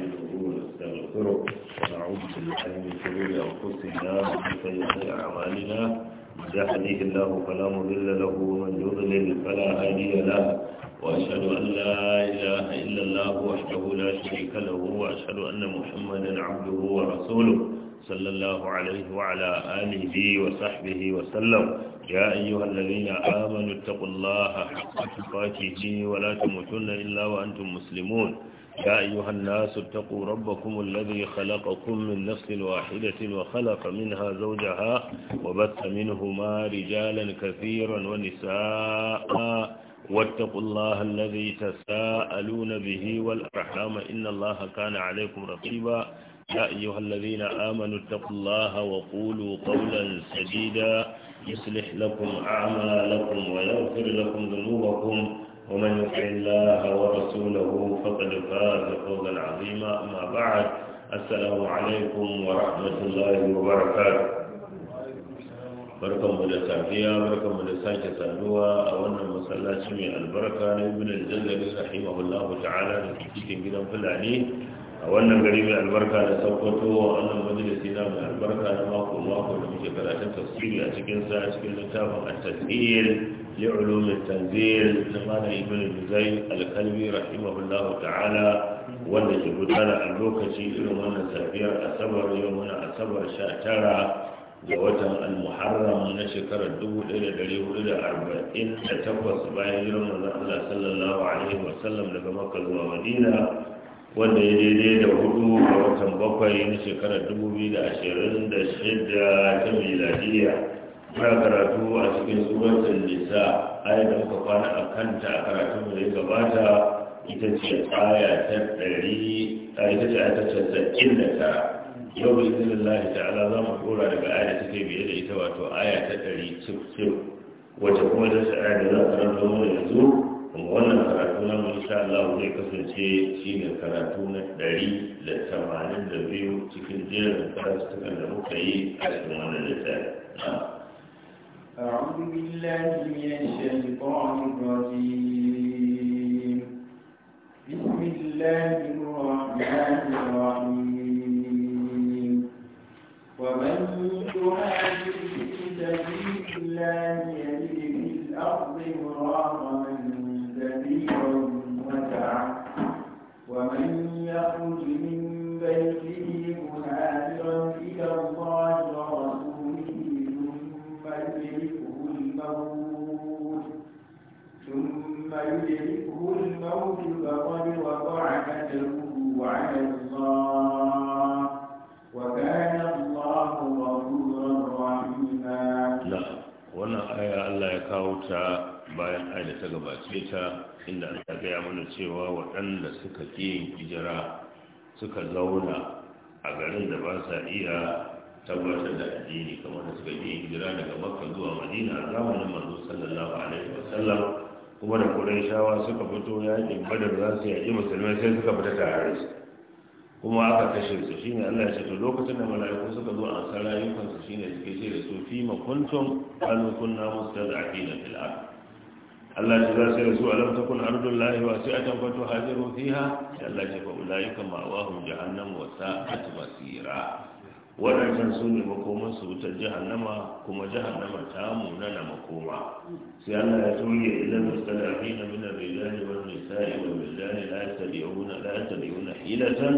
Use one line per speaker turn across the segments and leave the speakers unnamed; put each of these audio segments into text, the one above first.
نستعينه ونستغفره ونعوذ بالله من شرور انفسنا ومن سيئات اعمالنا من يهده الله فلا مضل له ومن يضلل فلا هادي له واشهد ان لا اله الا الله وحده لا شريك له واشهد ان محمدا عبده ورسوله صلى الله عليه وعلى آله وصحبه وسلم يا أيها الذين آمنوا اتقوا الله حق تقاته ولا تموتن إلا وأنتم مسلمون يا أيها الناس اتقوا ربكم الذي خلقكم من نفس واحدة وخلق منها زوجها وبث منهما رجالا كثيرا ونساء واتقوا الله الذي تساءلون به والأرحام إن الله كان عليكم رقيبا يا أيها الذين آمنوا اتقوا الله وقولوا قولا سديدا يصلح لكم أعمالكم ويغفر لكم ذنوبكم ومن يطع الله ورسوله فقد فاز فوزا عظيما أما بعد السلام عليكم ورحمة الله وبركاته barkan mu da safiya barkan mu da sake saduwa a wannan masallaci mai albarka na ibn al-jazari rahimahullahu ta'ala da cikin gidan fulani a wannan gari mai albarka da saukoto a wannan majalisi na mai albarka na mako mako da muke karatun tafsiri a cikin sa cikin littafin at-tafsir لعلوم التنزيل زمان ابن الجزي الكلبي رحمه الله تعالى wanda ke gudana a lokaci irin wannan safiyar asabar yau muna asabar sha tara ga watan al-muharram na shekarar 1448 bayan jiran manzon Allah sallallahu alaihi wa sallam daga Makka zuwa Madina wanda ya daidai da hudu ga watan bakwai na da shida ta miladiya muna karatu a cikin suratul nisa ayar da muka kwana a kanta a karatun da ya gabata ita ce aya ta ɗari a ita ce ta casa'in da tara yau bi izinin lahi ta'ala za mu kora daga aya da take biye da ita wato aya ta ɗari cif cif wacce kuma ta ce aya da za a karanta mu yanzu kuma wannan karatu na mu insha Allah zai kasance shi ne karatu na ɗari da tamanin da biyu cikin jerin karatu da muka yi a cikin wannan littafi.
أعوذ بالله من الشيطان الرجيم بسم الله الرحمن الرحيم ومن يهاجر في سبيل الله يجد في الأرض مراغما سبيلا وسعا ومن يخرج على الله وكان الله غفورا رحيما نعم
wannan aya Allah ya kawo ta bayan aya ta gabace ta inda Allah ya mana cewa waɗanda suka ke yin hijira suka zauna a garin da ba sa iya tabbatar da addini kamar da suka ke yin hijira daga Makka zuwa Madina a zamanin Manzo sallallahu alaihi wasallam kuma da shawa suka fito yaƙin badar za su yaƙi musulmai sai suka fita tare su kuma aka kashe su shine Allah ya ce to lokacin da mala'iku suka zo an san rayukan su shine suke ce da su fi ma kuntum qalu kunna mustad'afina fil ard Allah ya za sai su alam takun ardullahi wasi'atan fatuhajiru fiha Allah ya ce fa ulaika ma'awahum jahannam wa sa'at waɗancan su ne makoman su wutar jahannama kuma jahannama ta munana makoma sai Allah ya tuye idan mustalafi na min ar-rijali mai nisa'i wal wildani la yastabi'una la yastabi'una hilatan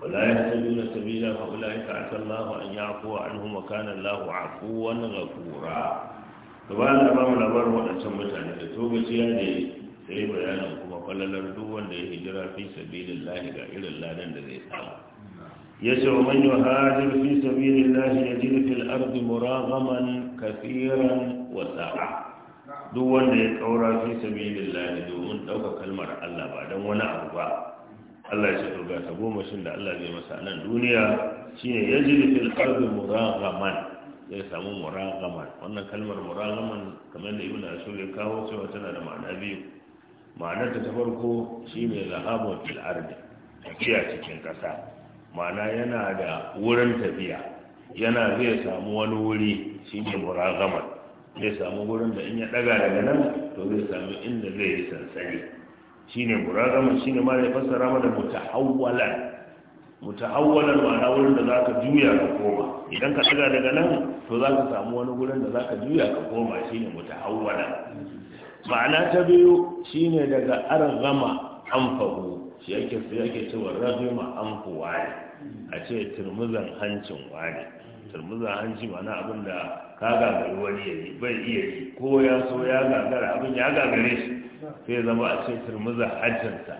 wa la yastabi'una sabila fa ulaika asa Allah an ya'fuwa anhum wa kana Allah 'afuwan ghafura to ba Allah ba mu labarin waɗancan mutane da to gaciya da sai bayanin kuma falalar duk wanda ya hijira fi sabilillah ga irin ladan da zai samu يجر من يهاجر في سبيل الله يجد في الأرض مراغما كثيرا وسعة duk wanda ya tsaura fi sabilillahi domin ɗauka kalmar Allah ba don wani abu ba Allah ya ce ga ta goma shi da Allah zai masa nan duniya shi shine yajidu fil ardi muragaman zai samu muragaman wannan kalmar muragaman kamar da ibnu rasul ya kawo cewa tana da ma'ana biyu ma'anar ta farko shi shine zahabun fil ardi tafiya cikin ƙasa ma'ana yana da wurin tafiya yana zai samu wani wuri shi ne muragamar zai samu wurin da in ya daga daga nan to zai samu inda zai yi sansani shi ne muragamar shi ne ma zai fassara mana mutahawwalan mutahawwalan ma'ana wurin da za ka juya ka koma idan ka daga daga nan to za ka samu wani wurin da za ka juya ka koma shi ne mutahawwalan ma'ana ta biyu shi ne daga argama anfahu shi yake su yake cewa rahima an waye a ce turmuzan hancin wani turmuzan hanci mana abin da ka gagari wani ya bai iya yi ko ya so ya gagara abin ya gagare shi sai zama a ce turmuzan hancinsa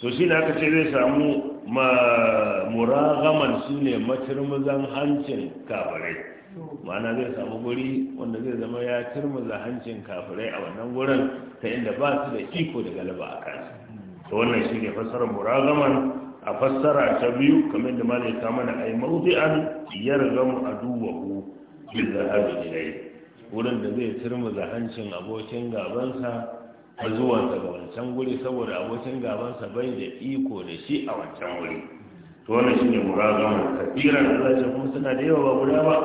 to shi na kace ce zai samu muragaman su ne maturmuzan hancin kafirai mana zai samu guri wanda zai zama ya turmuza hancin kafirai a wannan wurin ta inda ba su da iko da galiba a kansu ta wannan ne fassarar muragaman a fassara ta biyu kamar da malai ta mana ai mawdi'an yargamu aduwahu bil zahabi ilayhi wurin da zai da hancin abokin gabansa a zuwa ga wancan guri saboda abokin gabansa bai da iko da shi a wancan wuri to wannan ne muragaman kafiran Allah ya kuma suna da yawa ba guda ba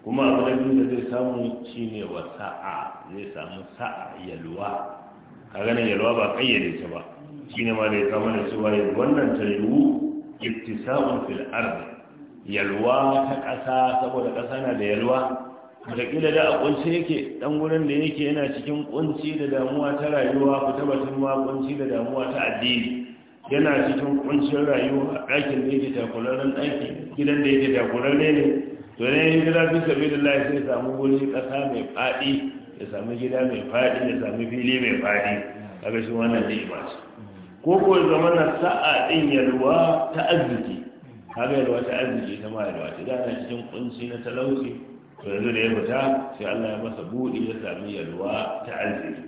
kuma abu da biyu da zai samu ne wa sa'a zai samu sa'a yalwa kaga nan yalwa ba kayyade ta ba shine ma da ya kama da cewa wannan tarihu iftisa'un fil yalwa ta ƙasa saboda ƙasa na da yalwa wataƙila da a ƙunci yake ɗan wurin da yake yana cikin ƙunci da damuwa ta rayuwa ku taɓa ma ƙunci da damuwa ta addini yana cikin ƙuncin rayuwa a ɗakin da yake takurarren ɗaki gidan da yake takurarre ne to ne ya gida fi sabi da lai sai samu wuri ƙasa mai faɗi ya samu gida mai faɗi ya samu fili mai faɗi kaga shi wannan ni'ima ce ko ko zama na sa'a din yalwa ta arziki kaga yalwa ta arziki ta ma yalwa ta gana cikin kunsi na talauci to yanzu da ya fita sai Allah ya masa buɗi ya sami yalwa ta arziki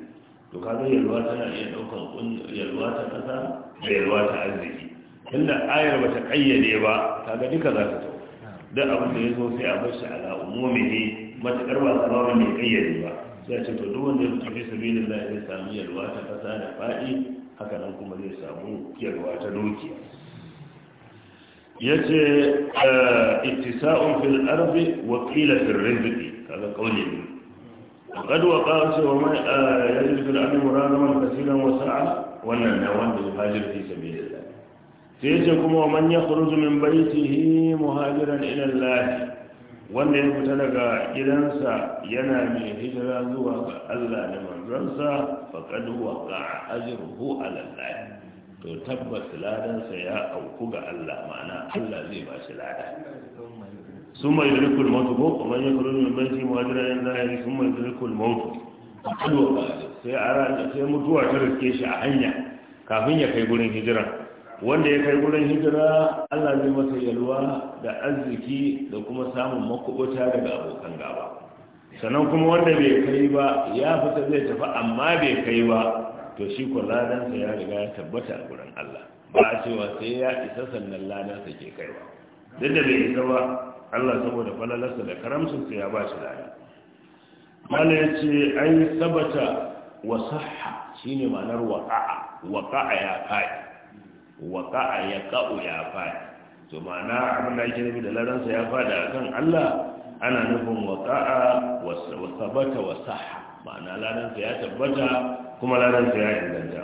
to kaga yalwa tana iya ɗaukar yalwa ta ƙasa da yalwa ta arziki tunda ayar ba ta kayyade ba kaga duka za ta tau duk abin da ya zo sai a bar shi ala ne matakar ba sababin ne kayyade ba sai a ce to duk wanda ya fito fi sabilillah ya sami yalwa ta ƙasa da faɗi haka nan kuma zai samu yarwa ta dukiya yace ah, ittisa'un fil ardi wa qila fil rizqi kaga kauli ne وقد وقع وما يجد في الأرض مراغما كثيرا وسعة wannan na wanda muhajir fi sabilillah sai yace kuma man yakhruju min baytihi muhajiran ila Allah wanda ya fita daga gidansa yana mai hijira zuwa ga Allah da manzarsa. faƙad waqa ajruhu ala alallahi to tabbas ladan sa ya auku ga Allah ma'ana Allah zai ba shi lada summa yudrikul mautu ko kuma ya kuru min baiti muhajiran zahiri sun mai maut faƙad waqa sai ara sai mutuwa ta riske shi a hanya kafin ya kai gurin hijira wanda ya kai gurin hijira Allah zai masa yalwa da arziki da kuma samun makubuta daga abokan gaba sannan kuma wanda bai kai ba ya fita zai tafi amma bai kai ba to shi ko ladansa ya riga ya tabbata a gurin Allah ba a cewa sai ya isa sannan ladansa ke kai ba. duk da bai isa ba Allah saboda falalarsa da karamsun sai ya ba shi ladan mala ya ce an yi sabata wa sahha shine ma'anar waqa'a waqa'a ya faɗi waqa'a ya ƙau ya faɗi to ma'ana abin da ake nufi da ladansa ya faɗi kan Allah ana nufin waƙa'a wasabata sabata wa sahha ma'ana ladansa ya tabbata kuma ladansa ya inganta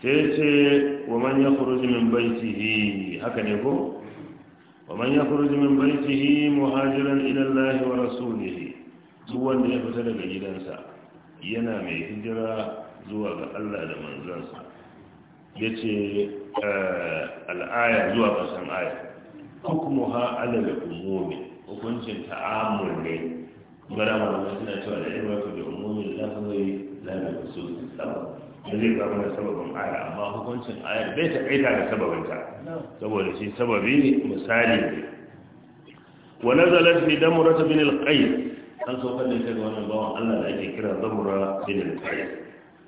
sai ce wa man kurujimin min baitihi haka ne ko wa man yakhruju min baitihi muhajiran ila Allah wa rasulihi su wanda ya fita daga gidansa yana mai hijira zuwa ga Allah da manzansa ce eh, al'aya zuwa basan aya hukmuha ala al-umumi hukuncin ta'amul ne bara malamai suna cewa da irin wato da umumin lafazai da su sabab da zai ba mana sababin aya amma hukuncin ayar bai ta kaita da sababinta saboda shi sababi misali ne wa nazalat fi damrata bin al-qais an so kan da wannan bawan Allah da ake kira damra bin al-qais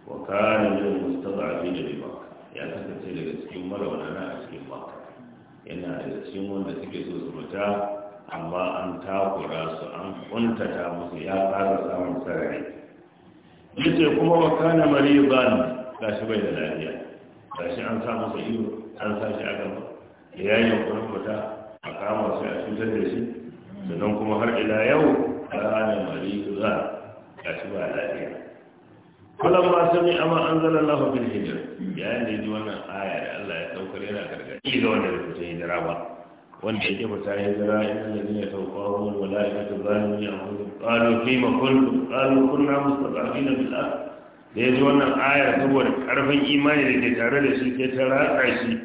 wa kana min al-mustada'afin bi makka ya kasance daga cikin marawana a cikin makka yana da cikin wanda suke so su fita amma an takura su an kuntata musu ya ƙara samun sarari yace kuma wa kana ga shi bai da lafiya gashi an sa masa ido an sa shi a gaba da ya yi kuma fita a kama su a cutar da shi sannan kuma har ila yau kana mariban shi ba lafiya kullum ma ni amma an zala Allah bil hijr yayin da ji wannan aya da Allah ya saukar yana gargadi ga wanda bai fita hijira ba wanda yake fita ya jira ya zane ya tauka wani mala'ika ta zalimi a wani ƙalo fi makulku ƙalo kunna mustaƙafi na bil'a da ya ji wannan aya saboda ƙarfin imani da ke tare da shi ke ta raƙa shi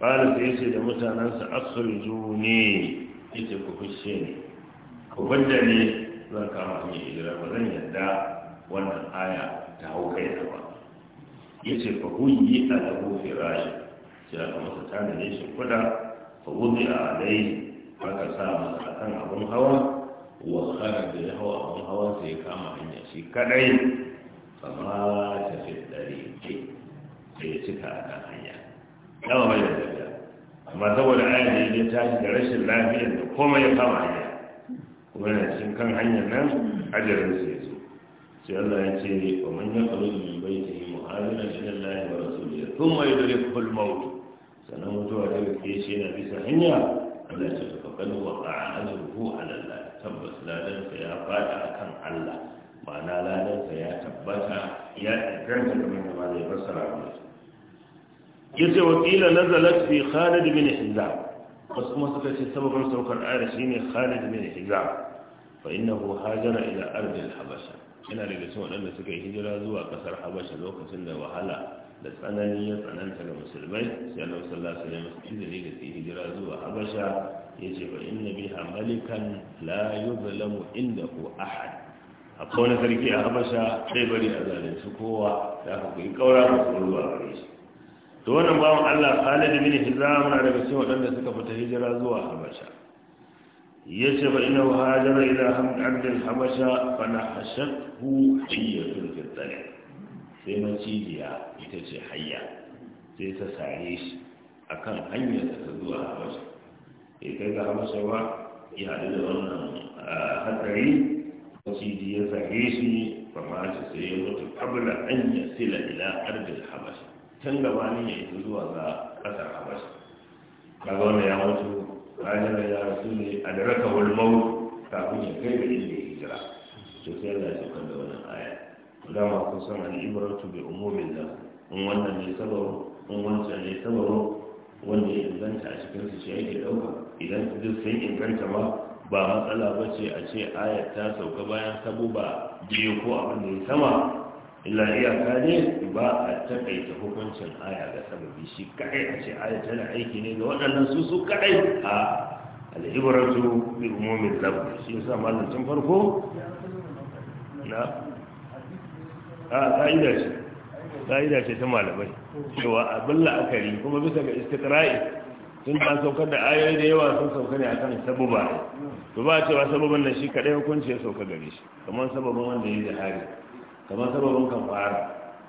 ƙalo sai ce da mutanensa asirju ne ita ku fushe ne ku banda ne zan kama hanyar hijira ba zan yarda wannan aya ta hau kai ba ya ce fa huyi a lahu firashi sai aka masa tanade shi kuɗa. فوضع عليه حتى سام كان أبو هوا وخرج هو أبو هوا سيكام عن يسي كدعي فما تفيد دريك سيسكى على حيا لو ما يدعي ما تقول اللي يتاج درس الله في أنه كما يقام عليه ومن يسي كان حيا نام عجر نعم. سيسو سي الله يسيري ومن يخرج من بيته مهاجرا إلى الله ورسوله ثم يدركه الموت sannan mutuwa ta ke shi yana bisa hanya Allah ya ce fa kan wa ajruhu a Allah tabbas ladan sa ya fada kan Allah ma'ana ladan ya tabbata ya inganta kamar da ma zai fassara mu yace wa qila nazalat fi Khalid bin Hizam wasu kuma suka ce sababin saukar ayar shine Khalid bin Hizam fa innahu hajara ila ardi habasha yana daga cikin waɗanda suka yi hijira zuwa ƙasar habasha lokacin da wahala da tsanani ya tsananta ga musulmai sai Allah sallallahu alaihi wasallam izini ga hijira zuwa Habasha yace ba inna biha malikan la yuzlamu indahu ahad akwai wani sarki a Habasha sai bari a zalunci kowa da aka kai kaura da ruwa gare shi to wannan bawon Allah Khalid bin Hizam na daga cikin waɗanda suka fita hijira zuwa Habasha yace fa inna hajara ila hamd abd habasha fa nahashathu hayyatul fitr sai macijiya ita ce hayya sai ta sare shi a kan hanyar da ta zuwa habasha sai kai ga habasha ba ya haɗu da wannan hatsari maciji ya sare shi ba ma shi sai ya mutu kabla an ya sila ila ardil habasha can ne ya ita zuwa ga ƙasar habasha kaga wanda ya mutu bayan da ya rasu ne a da raka kafin ya kai da inda ya hijira to sai Allah shi kan da wannan aya dama kusan al'ibratu bi umumin da in wannan ne sabaro in wancan ne sabaro wanda ya inganta a cikin su shi yake dauka idan duk sun inganta ma ba matsala ba ce a ce ayat ta sauka bayan sabo ba biyu ko abin da ya sama illa iyaka ne ba a takaita hukuncin aya ga sababi shi kadai a ce aya tana aiki ne ga waɗannan su su kadai a al'ibaratu bi umumin labar shi yasa malam tun farko na ka'ida ce ka'ida ce ta malamai cewa abin la'akari kuma bisa ga istikra'i sun ta saukar da ayoyi da yawa sun sauka ne akan sabuba to ba cewa sabubin nan shi kadai hukunci ya sauka gare shi kamar sababin wanda ya yi jihari kamar sababin kan fara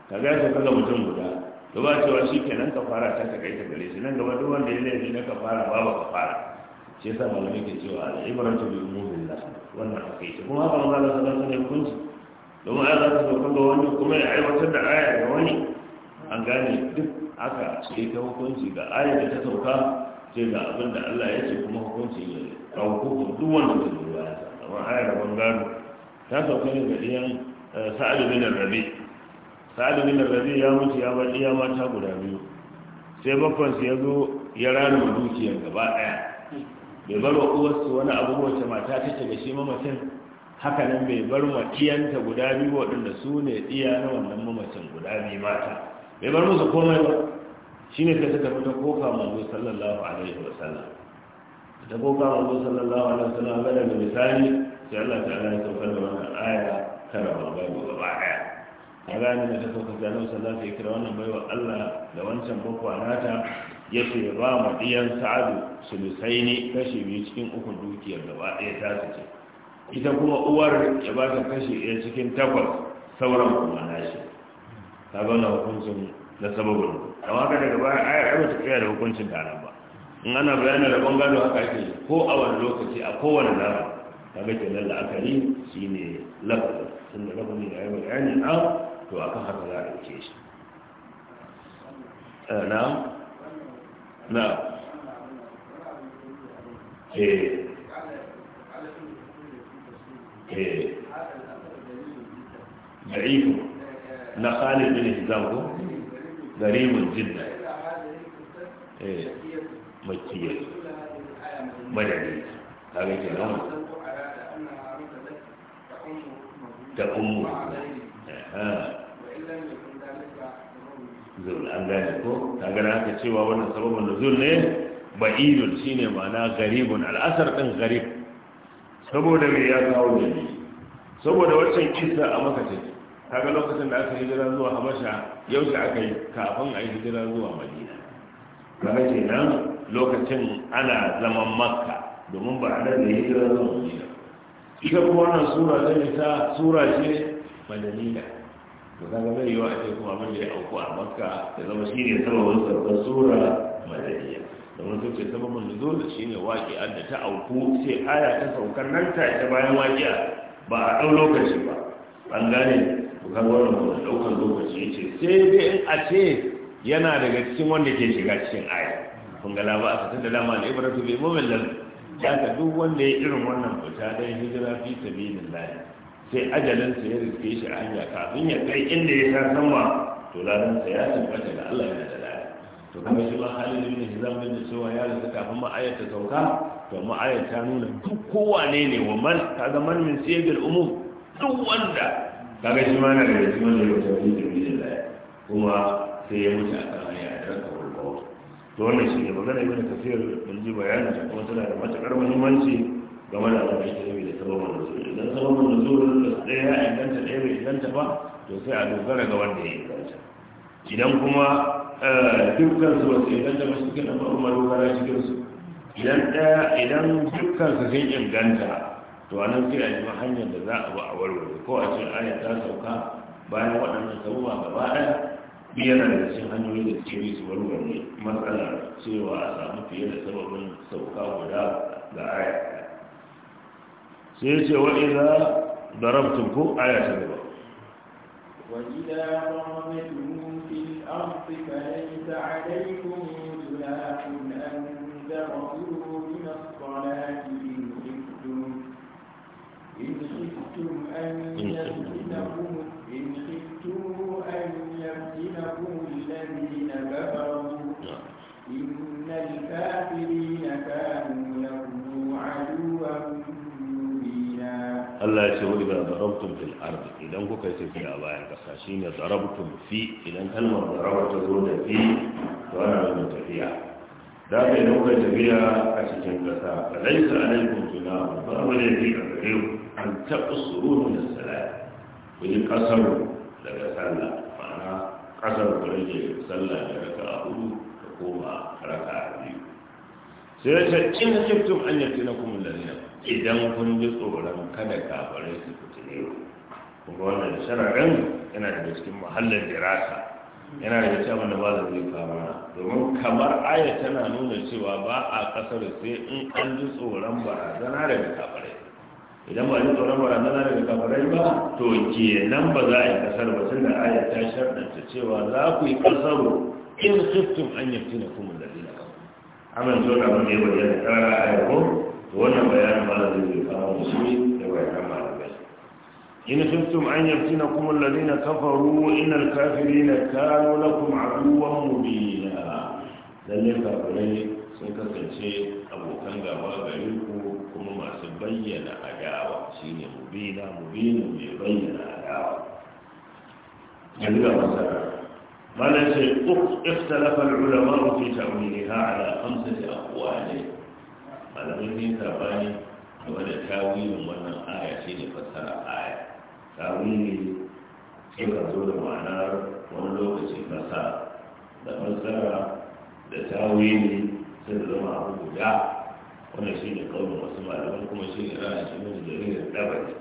ka ga sauka ga mutum guda to ba cewa shi nan ka fara ta ka kai ta gare shi nan gaba duk wanda ya laifi na ka fara babu ka fara shi yasa malamai ke cewa al'ibratu bi umurillah wannan akai kuma haka manzo za su alaihi hukunci domin aya za ta sauka ga wani kuma ya aiwatar da aya ga wani an gane duk aka ce ta hukunci ga aya da ta sauka ce ga abin da Allah ya ce kuma hukunci ya ga hukuncin duk wanda ta zo baya amma aya da bangaro ta sauka ne ga iya eh, sa'adu bin rabi sa'adu bin rabi ya mutu ya bar iya mata guda biyu sai bakwansu ya zo ya rana dukiyar gaba ɗaya bai bar wa uwarsu wani abubuwa ta mata ta ce da shi mamacin haka nan bai bar matiyanta guda biyu waɗanda su ne iya na wannan mamacin guda biyu mata bai bar musu komai ba shi ne ta suka fita koka manzo sallallahu alaihi wa sallam ta koka manzo sallallahu alaihi wa sallam ga daga misali sai Allah ta'ala ya saukar da wannan aya kara ba bai ba ba aya a gane da ta sauka da Allah za ta yi kira wannan baiwa Allah da wancan bakwa nata ya ce ba mu ɗiyan sa'adu sulusai ne kashi biyu cikin uku dukiyar gaba ɗaya ta su ce ita kuma uwar ya ba ta kashi ɗaya cikin takwas sauran kuma na shi. ta zauna hukuncin na sababin da ka daga baya ayar ai ta tsaya da hukuncin da nan ba in ana bayanin da gado haka ake ko a wani lokaci a kowane nama kaga kenan akari shine ne tunda lafazin da ya bayani na to akan haka za a ɗauke shi
na na eh, eh. إيه.
ضعيف لا خالد بن هزامه غريب جدا
مجتية مجتية هذا كلام تأم زول أنزل كو
تقرأ كشيء وابن سبب النزول نه بعيد شيء معناه غريب الأثر تن غريب saboda mai ya kawo da ne saboda waccan kisa a ta ga lokacin da aka hijira zuwa habasha yaushe aka yi kafin a yi hijira zuwa madina kaga kenan lokacin ana zaman makka domin ba a da hijira zuwa madina ita kuma wannan sura ta nisa sura ce madaniya to kaga bai yiwa a ce kuma abin da auku a makka da zama shi ne sababin sabbin sura madaniya domin sun ce sababin nuzul shine waqi'a da ta auku sai aya ta saukar nan ta ta bayan waqi'a ba a dau lokaci ba an gane to kan wannan lokaci yace sai dai in a ce yana daga cikin wanda ke shiga cikin aya kun ga laba aka tada lama da ibratu bi mu'min ya ka duk wanda ya irin wannan fita don hijira fi sabilillah sai ajalin sa ya rike shi a hanya kafin ya kai inda ya san sama to ladan ya tabbata da Allah ya to kuma shi ma halin da ne hizam da cewa ya rasu kafin ma'ayar ta sauka to ma'ayar ta nuna duk kowane ne wa man kaga man min sigar umum duk wanda kaga shi ma na da shi wanda ya tafi da bi da kuma sai ya mutu a kan hanya a ranka wurbawa to wannan shi ne magana ibn kafir mun ji bayanin ta kuma tana da matakar muhimmanci game da abin da ya tafi da sababin nuzul idan sababin nuzul ɗaya ya inganta ɗaya bai inganta ba to sai a dogara ga wanda ya inganta idan kuma dukkan su wasu idan da masu gina ma'umaru gara cikin su idan ɗaya idan dukkan su sun inganta to a nan sai a nemi hanyar da za a ba a warware ko a ce aya ta sauka bayan waɗannan sabuwa gaba ɗaya biyar da cikin hanyoyi da suke bi su warware matsalar cewa a samu fiye da sababin sauka guda ga aya sai ce wa iza darabtum ko aya
ta gaba وإذا ضربتم في الأرض فليس عليكم جناح أن تغفروا من الصلاة إن خفتم إن خفتم أن يفتنكم إن خفتم أن يفتنكم الذين كفروا إن الكافرين Allah ya ce wa idan
darabtum fil idan kuka yi tafiya a bayan kasa shine darabtum fi idan kalmar daraba ta zo da fi to ana nuna tafiya
da ka idan kuka tafiya a
cikin kasa fa laysa alaykum junahun ba mu ne fi gare ku an taqsuru min as-salat ku yi kasaru daga sallah ma'ana kasar ku rage sallah da raka'a hudu da koma raka'a biyu sai ya ce in khiftum an yaftinakum alladhina idan kun ji tsoron kada kafirai su fitine ku kuma wannan shararin yana daga cikin muhallin dirasa yana daga cikin abin da ba zai kama domin kamar aya tana nuna cewa ba a kasar sai in an ji tsoron barazana daga kafirai idan ba ji tsoron barazana daga kafirai ba to kenan ba za a yi kasar ba tun da aya ta sharɗanta cewa za ku yi kasaro in khiftum an yaftina kuma alladhina amin zo da mun yi wajen tsara a yau to wannan bayanin malamin zai kawo musulmi da bayanan malamai in khiftum an yaftinakum na kafaru na kafirina kanu lakum aduwwan mubina lalle kafirai sun kasance abokan gaba gare ku kuma masu bayyana adawa shine mubina mubina mai bayyana adawa yanzu ga malam ce ikhtalafa al-ulama fi ta'wiliha ala khamsati aqwali malamin ne sabani game da tawilin wannan aya ce da fassara aya tawili suka zo da ma'anar wani lokaci fasa da fassara da tawili sai zama abu guda wannan shi ne wasu malaman kuma shi ne rana shi ne jaririn dabari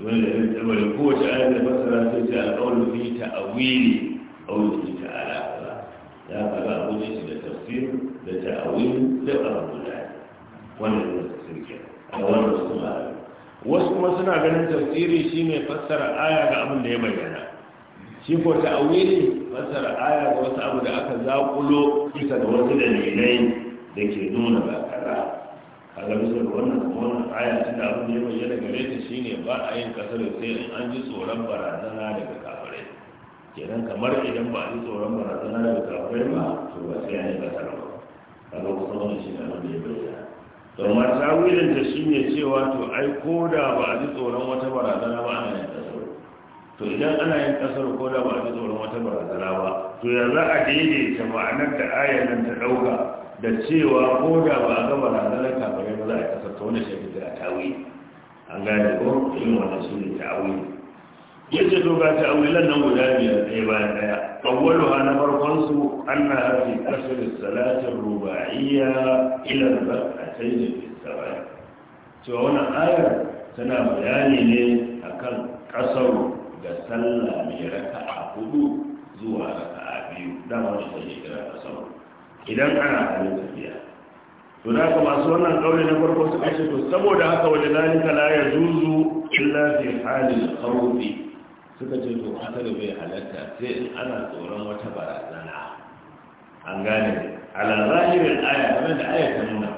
domin jaririn dabari kowace ayar da fassara sai ce alƙawar fi ta'awili قوله تعالى لا فلا وجه إلى تفسير لتأويل لأرض الله ولا تفسير أولا الصلاة wasu kuma suna ganin tafsiri shine fassara aya ga abin da ya bayyana shi ko ta'awili fassara aya ga wasu abu da aka zakulo bisa da wasu dalilai da ke nuna ba kaza bisa da wannan aya tun abin da ya bayyana gare shine ba a yin kasar sai in an ji tsoron barazana daga kafirai kenan kamar idan ba a yi tsoron barazana daga kafirai ba to ba sai an yi kasar ba a lokacin wani shi na abin da ya bayyana to ma tawilin ta ne cewa to ai ko da ba a ji tsoron wata barazana ba ana yin kasar to idan ana yin kasar ko da ba a ji tsoron wata barazana ba to ya za a daidaita ma'anar da ayan nan ta dauka da cewa ko da ba a ga barazanar kafirai ba za a kasar ta wani shi ta a tawili an gane ko yin wannan shi ne tawili yace to ga ta'awilan nan guda biyar ɗaya bayan ɗaya ha na farkon su anna hafi kasr salati ruba'iyya ila rak'atayn fi sabai to wannan ayar tana bayani ne akan kasar da sallah mai raka'a hudu zuwa raka'a biyu dama shi take a kasar idan ana halin tafiya to na haka masu wannan kauli na farko su ce to saboda haka wajen zalika la zuzu illa fi halin khawfi suka ce to kasar bai halatta sai in ana tsoron wata barazana an gane ala zahirin aya kamar da aya ta nuna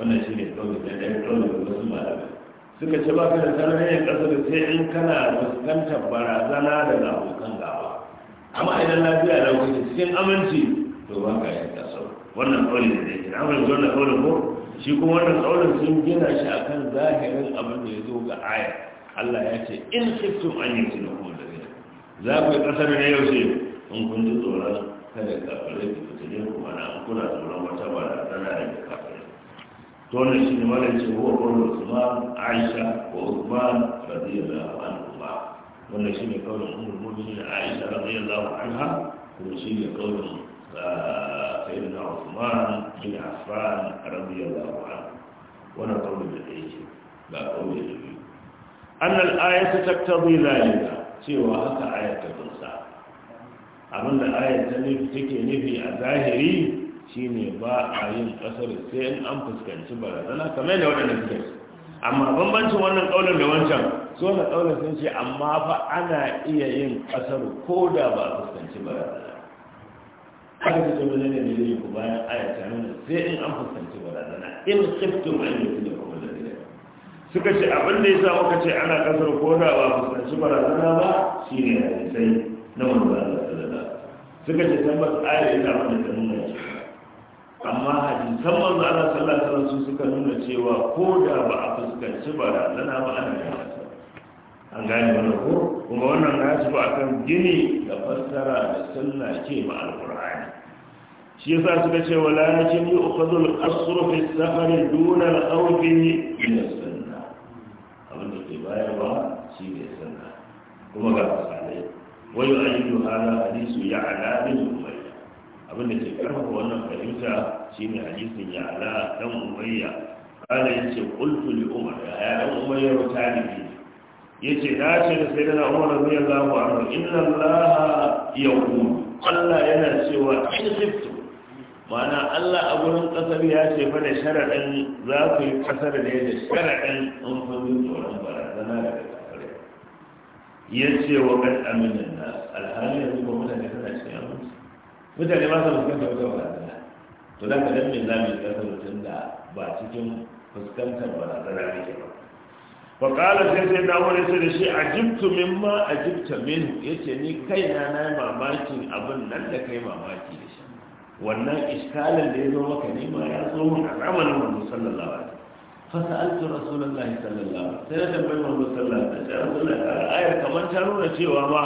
wannan shi ne kawai da ɗaya kawai da wasu malamai suka ce ba ka da sanarin kasar sai in kana fuskantar barazana daga abokan gaba amma idan lafiya da wuce cikin aminci to ba ka yi ƙasar? wannan kawai da zai kira amma wannan kawai ko shi kuma wannan kawai sun gina shi akan zahirin abin da ya zo ga aya Allah ya ce in khiftum an yi da alladhina za ku kasar ne yau ce in kun ji tsoron kada kafare ku fitile ku na an kuna tsoron wata ba da kafare to ne shi ne malam ce huwa qawlu Usman Aisha ko Uthman radiyallahu kuma. wannan shi ne kawai ummul mu'minin Aisha radiyallahu anha kuma shi ne kawai ah, sayyidina Uthman bin Affan radiyallahu anhu wannan kawai da yake ba kawai da annal ayatu taktabi zalika cewa haka ayata kunsa abinda ayata ne take nufi a zahiri shine ba a yin kasar sai in an fuskanci barazana kamar da waɗanda suke amma bambancin wannan ƙaunar da wancan so na ƙaunar sun ce amma fa ana iya yin kasar ko da ba a fuskanci barazana haka ta ce wani ne da yi ku bayan ayata nuna sai in an fuskanci barazana in kiftin wani ne suka ce abin da ya sa muka ce ana kasar da ba fuskanci barazana ba shi ne sai na manzo Allah sallallahu suka ce basu ayar ita abin da ta nuna ce amma san manzo za a alaihi su suka nuna cewa koda ba a fuskanci barazana ba ana yi kasar an gane wannan ko kuma wannan na ba akan gini da fassara da sallah ke ma alqur'ani shi yasa suka ce wala lalace yu'khadhu al-asru fi safari duna al ne min as bayarwa shi ne sunna kuma ga misalai wayo hadisu ya ala bin umayya abin da ke karfafa wannan fahimta shine hadisin ya ala dan umayya kala yace qultu li umar ya dan umayya wa talibi yace na ce da sayyidina umar radiyallahu anhu inna allaha yaqulu Allah yana cewa in khiftu mana Allah a gurin kasar ya ce fa da sharaɗin za ku yi kasar ne da sharaɗin in fahimci tsoron barazana da kafare ya ce wa kan aminin na alhali yanzu ba mutane suna cikin aminci mutane ba su fuskanta wata barazana to da ka dan me za mu yi kasar tun da ba cikin fuskantar barazana muke ba faƙalar sai sai na wani sai da shi a jibtu min ma a jibta min ya ce ni kaina na mamakin abin nan da kai mamaki da shi wannan iskalin da ya zo maka nema ya zo mun a zamanin manzo sallallahu alaihi sallallahu alaihi sai na tambayi manzo sallallahu alaihi ayar kamar ta nuna cewa ma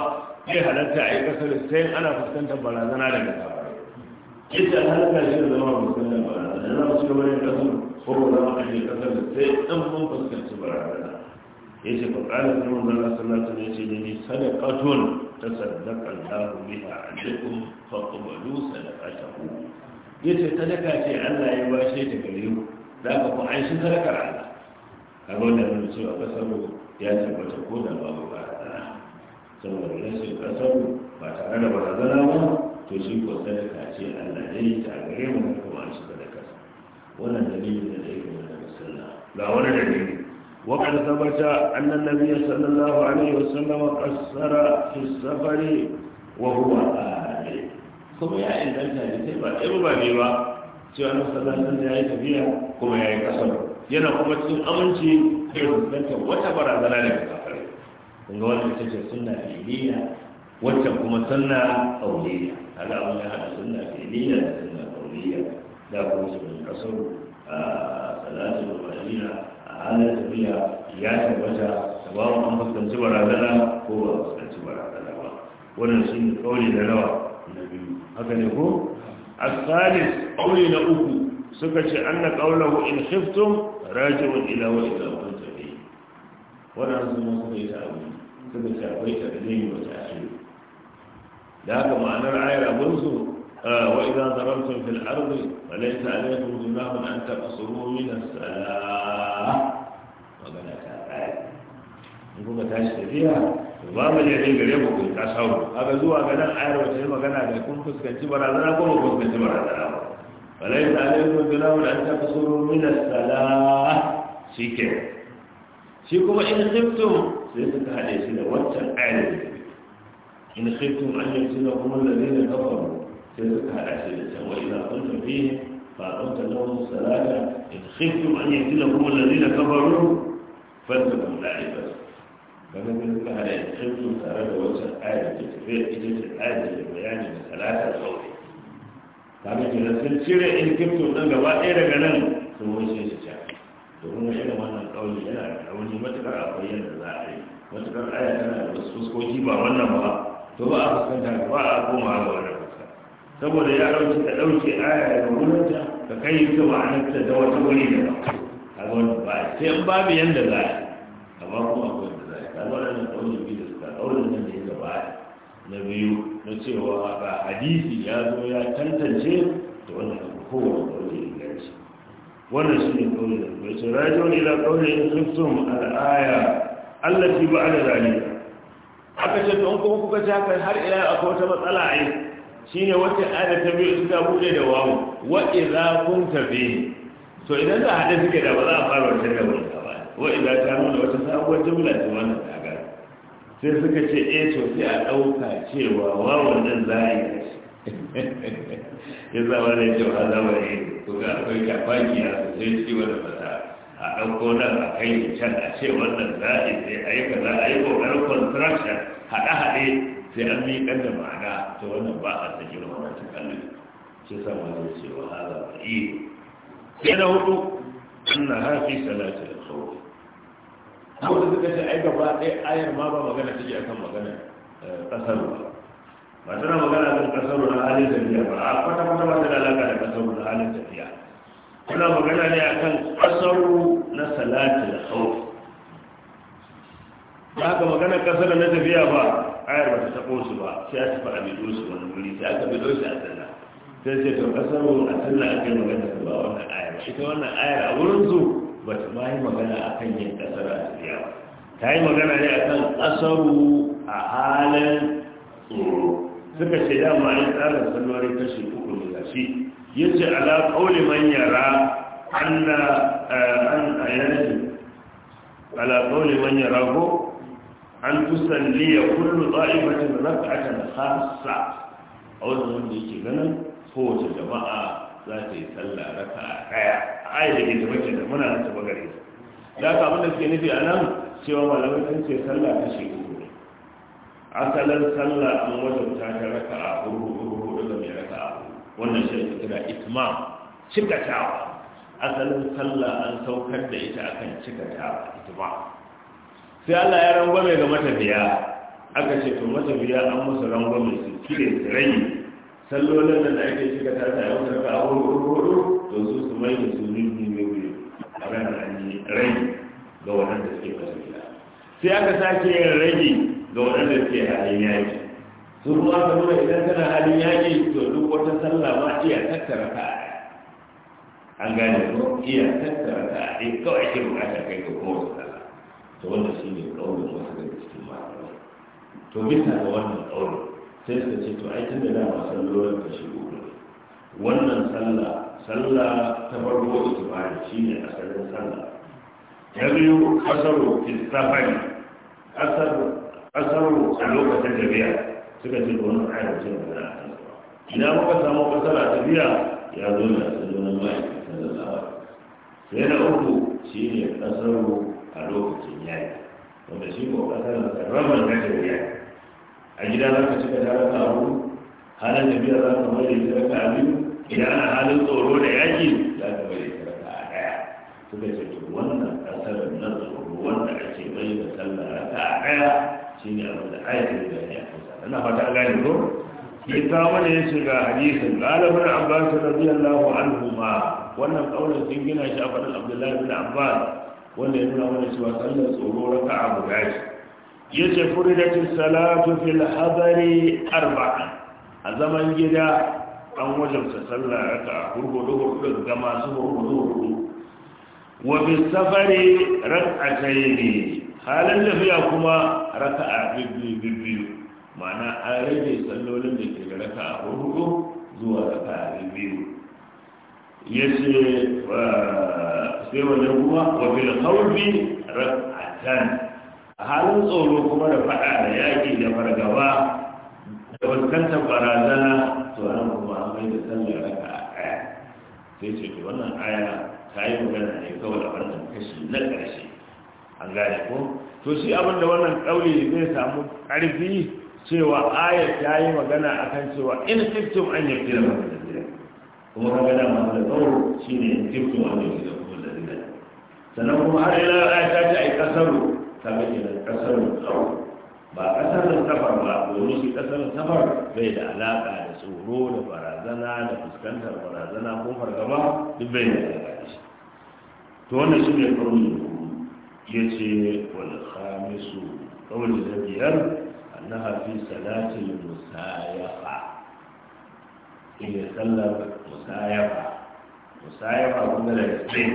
zai halatta a yi kasar sai ana fuskantar barazana daga kafar ita halatta shi da zama fuskantar barazana yana wasu gaba yin kasar ko ba zama a kasar sai ɗan mun fuskanci barazana ya ce faƙalar da zama sallallahu alaihi wasallam ya ce ne sadaqatun tasaddaq Allahu biha alaikum faqbalu sadaqatahu yace sadaka ce Allah ya bashe ta gare ku za ka ku an shi sadakar Allah kaga wannan ne cewa kasaru ya tabbata ko da babu ba saboda rashin kasaru ba tare da barazana ba to shi ko sadaka ce Allah ya yi ta gare mu kuma an shi sadakar wannan dalili da yake wannan sallah ga wani وقد ثبت أن النبي صلى الله عليه وسلم قصر في السفر وهو آل كما يا إن أنت يتبع سوى أن صلى الله عليه وسلم فيها كما يا يكسر yana kuma cikin aminci da fuskantar wata barazana daga kafare kun ga wannan ita ce sunna fi'liya wacce kuma sunna qawliya ala abin ya hada sunna fi'liya da sunna qawliya da kuma a salatu ana tafiya ya tabbata sawa'un an fuskanci barazana ko ba fuskanci barazana ba wannan shi ne kauli na rawa na biyu haka ne ko asalis kauli na uku suka ce an na kaulahu in khiftum raji'un ila wa ila wa tabi wannan sun mun suka yi ta abu suka ce akwai ta da ne wata asiri da haka ma'anar ayar abun su آه، وإذا ضربتم في الأرض فليس عليكم جناح أن تقصروا من الصلاة وبلا كافية نقول تاشف فيها وما يجي قريبك تشعر أبا زوا كذا عير وشيما كذا يكون فسكنت برا ذرا كل فسكنت برا ذرا فليس عليكم جناح أن تقصروا من الصلاة شيك شيكم إن خفتم سيدك هذه سيدة وانت عالم إن خفتم أن يبتلكم الذين كفروا سيدك على وإذا قلت فيه فأقمت لهم الصلاة إن خفتم أن يقتلكم الذين كفروا فاتقوا لا عباس فمن ذلك إن خفتم أراد وجه آية تكفير إجت الآية لبيان ثلاثة القول فمن إذا سلسلة إن خفتم أن ثم إيرا قلن ثم يسيس شعبي domin irin wannan ƙauli yana da ƙauli matuƙar a bayyana za a yi matuƙar aya tana da wasu fuskoki ba wannan ba to ba a fuskanta ba a koma ga saboda ya ɗauki ka ɗauke aya daga wurinta ka kai ta ma'anarta da wata wuri da ba a wani ba sai in babu yadda za a yi. amma kuma akwai da za a ta zama nan ɗaurin biyu da suka ɗaurin nan da ya gaba na biyu na cewa ba hadisi ya zo ya tantance da wannan abu kowane ɗaurin inganci wannan shi ne ɗaurin da bai ce rajon ila ɗaurin in kristum al'aya allafi ba a da zalika aka ce to kuma kuka ji har ila akwai wata matsala a yi shine wacce ayar ta biyu suka ta bude da wawu wa idza kunta fi to idan za a hada suke da ba za a fara wata da wani ba wa idza ta nuna wata sabuwar jumla ce wannan kaga sai suka ce eh to sai a dauka cewa wawan nan za a yi ya zama ne a zama ne to ga akwai kafaki a sosai shi wanda fata a ɗauko nan a kai can a ce wannan za a yi sai a yi kaza a yi ƙoƙarin construction haɗe-haɗe sai an kan da ma'ana ta wannan ba a san irin wannan takallin shi sa wani ce wa hada ba yi sai na hudu na hafi salatul kawai abu da suka ce ai gaba ɗaya ayar ma ba magana take akan magana kasar eh, ba ba na magana kan kasar na halin tafiya ba a kwata kwata ba ta da da kasar na halin tafiya kuna magana ne akan kasar na da kawai ba ka magana kasar na tafiya ba ayar ba ta taɓo su ba sai aka faɗa bido su wani wuri sai aka bido su a sallah sai sai to kasaro a sallah aka yi magana ba wannan ayar ita wannan ayar a wurin su ba ta ma yi magana a kan yin kasar a tafiya ba ta yi magana ne a kan kasaru a halin tsoro suka ce dama yin tsarin sallori kashi uku ne ga shi ya ce ala ƙauli man yara an na eh, an a yanzu ala ƙauli man yara ko an tusalli ya kullu ta'ifatin rak'atan khassa a wannan wanda yake ganin kowace jama'a za ta yi sallah raka'a daya a ayyar da ke tabbace da muna nan tabbata gare ta da ka abin da suke nufi a nan cewa malamai sun ce sallah ta shi uku ne asalin sallah an wajabta ta raka'a hurhu hurhu daga mai raka'a wannan shi ake kira itmam cikatawa asalin sallah an saukar da ita akan cikatawa itmam sai Allah ya rangwame ga matafiya aka ce to matafiya an musu rangwame su kire su rai sallolin da ake cika ta ta yau daga abubuwa to su su mai da su nufi ne wuri a ranar an yi rai ga waɗanda suke matafiya sai aka sake yin rai ga waɗanda suke halin yaƙi su kuma aka nuna idan kana halin yaƙi to duk wata sallah ma iya tattara ka an gane ko iya tattara ka a ɗin kawai ake buƙatar kai ga kowace sallah to wanda su to bisa ga wannan ƙaunar sai suka ce to aikin da dama sallolin kashi uku ne wannan sallah sallah ta farko itibari shi ne asalin sallah ta biyu kasaro fistafari kasaro a lokacin tafiya suka ce wannan ayar a da na idan muka samu kasara tafiya ya zo da sallolin ma'aikatan da zawa sai na uku shi ne kasaro a lokacin yayi wanda shi ko kasar ta ramar da tafiya a gida za ka cika da raka abu halin tafiya za ka mai da raka abin, idan a halin tsoro da yaki za ka mai da raka a daya suka ce to wannan kasar na tsoro wanda ake mai da sallah raka a daya ne abu da ayatul da ya kusa ina fata gane ko ta wani ya shiga hadisin galibin abbas radiyallahu anhu ma wannan kaunar sun gina shi a faɗin abdullahi bin abbas wanda ya nuna mana cewa sallar tsoro raka'a guda shi yace furidatis salatu fil hadari arba'a a zaman gida an wajabta sallah raka hurgudu hurgudu ga masu hurgudu hurgudu wa fi safari rak'atayn halin lafiya kuma raka'a biyu biyu ma'ana an rage sallolin da ke da raka'a hurgudu zuwa raka'a biyu yace ah, sai wannan kuma wa bil khawfi rak'atan halin tsoro kuma da faɗa da yaƙi da fargaba da fuskantar barazana to an kuma amai da sallar raka a ɗaya sai ce to wannan aya ta yi magana ne kawai da wannan kashi na ƙarshe an gane ko to shi abin da wannan ƙauye zai samu ƙarfi cewa aya ta yi magana akan cewa in kiftum an yi kira ba da zira kuma ka gada masu da tsoro shi ne in kiftum an yi kira ba da zira sannan kuma har ila ya ta ji a yi kasaru kamar da kasar kawai ba kasar safar ba domin shi kasar safar bai da alaka da tsoro da barazana da fuskantar barazana ko fargaba duk bai da alaka da shi to wannan shi ne kawai ya ce wani khamisu kawai da biyar annaha fi salatil musayafa ina sallar musayafa musayafa kuma da sai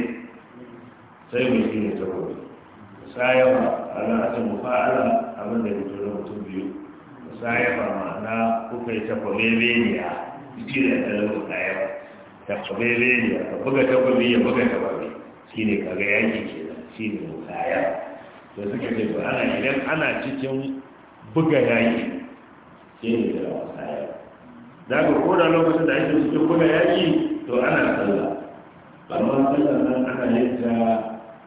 sai mutum ya tabbata musayafa kaga a ce mufa'ala abin da ke tura mutum biyu ya musayaba na kuka yi ta kwabebeniya ciki da talibin ɗaya ta kwabebeniya ka buga ta kwabi ya buga ta kwabi shi ne kaga yaki ke nan shi ne ya da suka ce ba ana idan ana cikin buga yaki shi ne da musaya za ka koda lokacin da ake cikin buga yaki to ana sallah amma sallah nan ana yin ta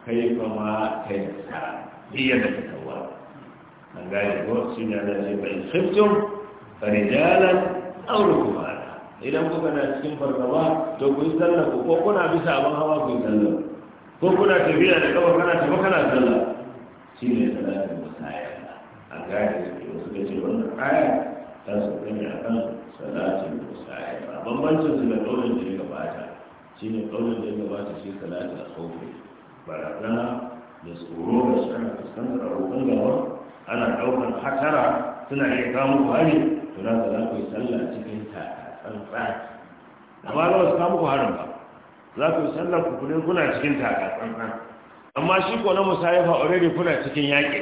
kai kama kai sa iya da kawwa A gane ko shi ne da ce bai khiftum farijalan aw rukbana idan kuka na cikin fargaba to ku yi sallah ko kuna bisa abin hawa ku yi sallah ko kuna tafiya da kawai kana tafi kana sallah shi ne salatin musaya an gane wasu da ce wannan aya ta sauka ne akan salatin musaya bambancin su da kaunin da ya gabata shi ne kaunin da ya gabata shi salatin a barazana da tsoro ga su ana fuskantar abokan gaba ana ɗaukar hatara suna iya kamun hari to za ka za ku sallah cikin ta tsantsan amma ba su kawo harin ba za ku sallah ku kudin kuna cikin ta tsantsan amma shi ko na musayafa already kuna cikin yaƙi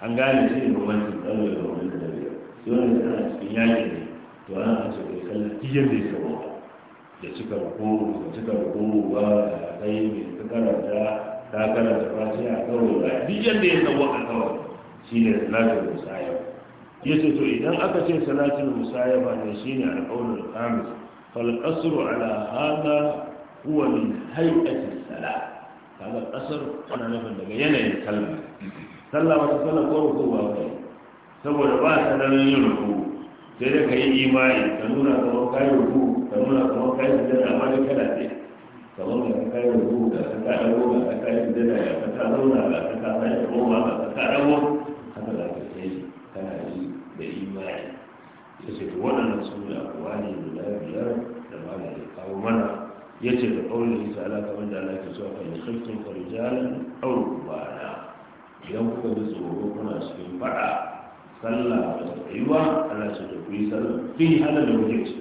an gane shi ne romantin ɗan da romantin da biyar sai wanda ana cikin yaƙi ne to ana ce kai sallah tiyar da ya sabo da cika rukuru da cika rukuru ba da kai mai karanta ta ka karanta a kawai ba duk yadda ya tsawaka kawai shine salatul musayaba yace to idan aka ce salatul musayaba ne shine alqaulul khamis fal qasru ala hada huwa min hay'ati salat kaga qasr ana nufin daga yanayin kalma sallah wata sallah ko ruku ba kai saboda ba sanarin yin ruku sai da ka yi imani ka nuna kamar kai ruku ka nuna kamar kai da amma da kana tsaye kamar ga ka yi rubu ga ka ka rago ga ka ka yi dada ga ka ka zauna ga ka ka sai roma ga ka ka rago haka za ka sai kana yi da imani ya ce to waɗannan su ne abuwa ne guda biyar da malam ya kawo mana ya ce da ƙaunin isa ala kamar da ala ke zuwa kan yi kirkin farijalan aurubana idan kuka ji tsoro kuna cikin faɗa sallah ba ta tsayuwa ana ce da ku yi sallah fi hana da wuce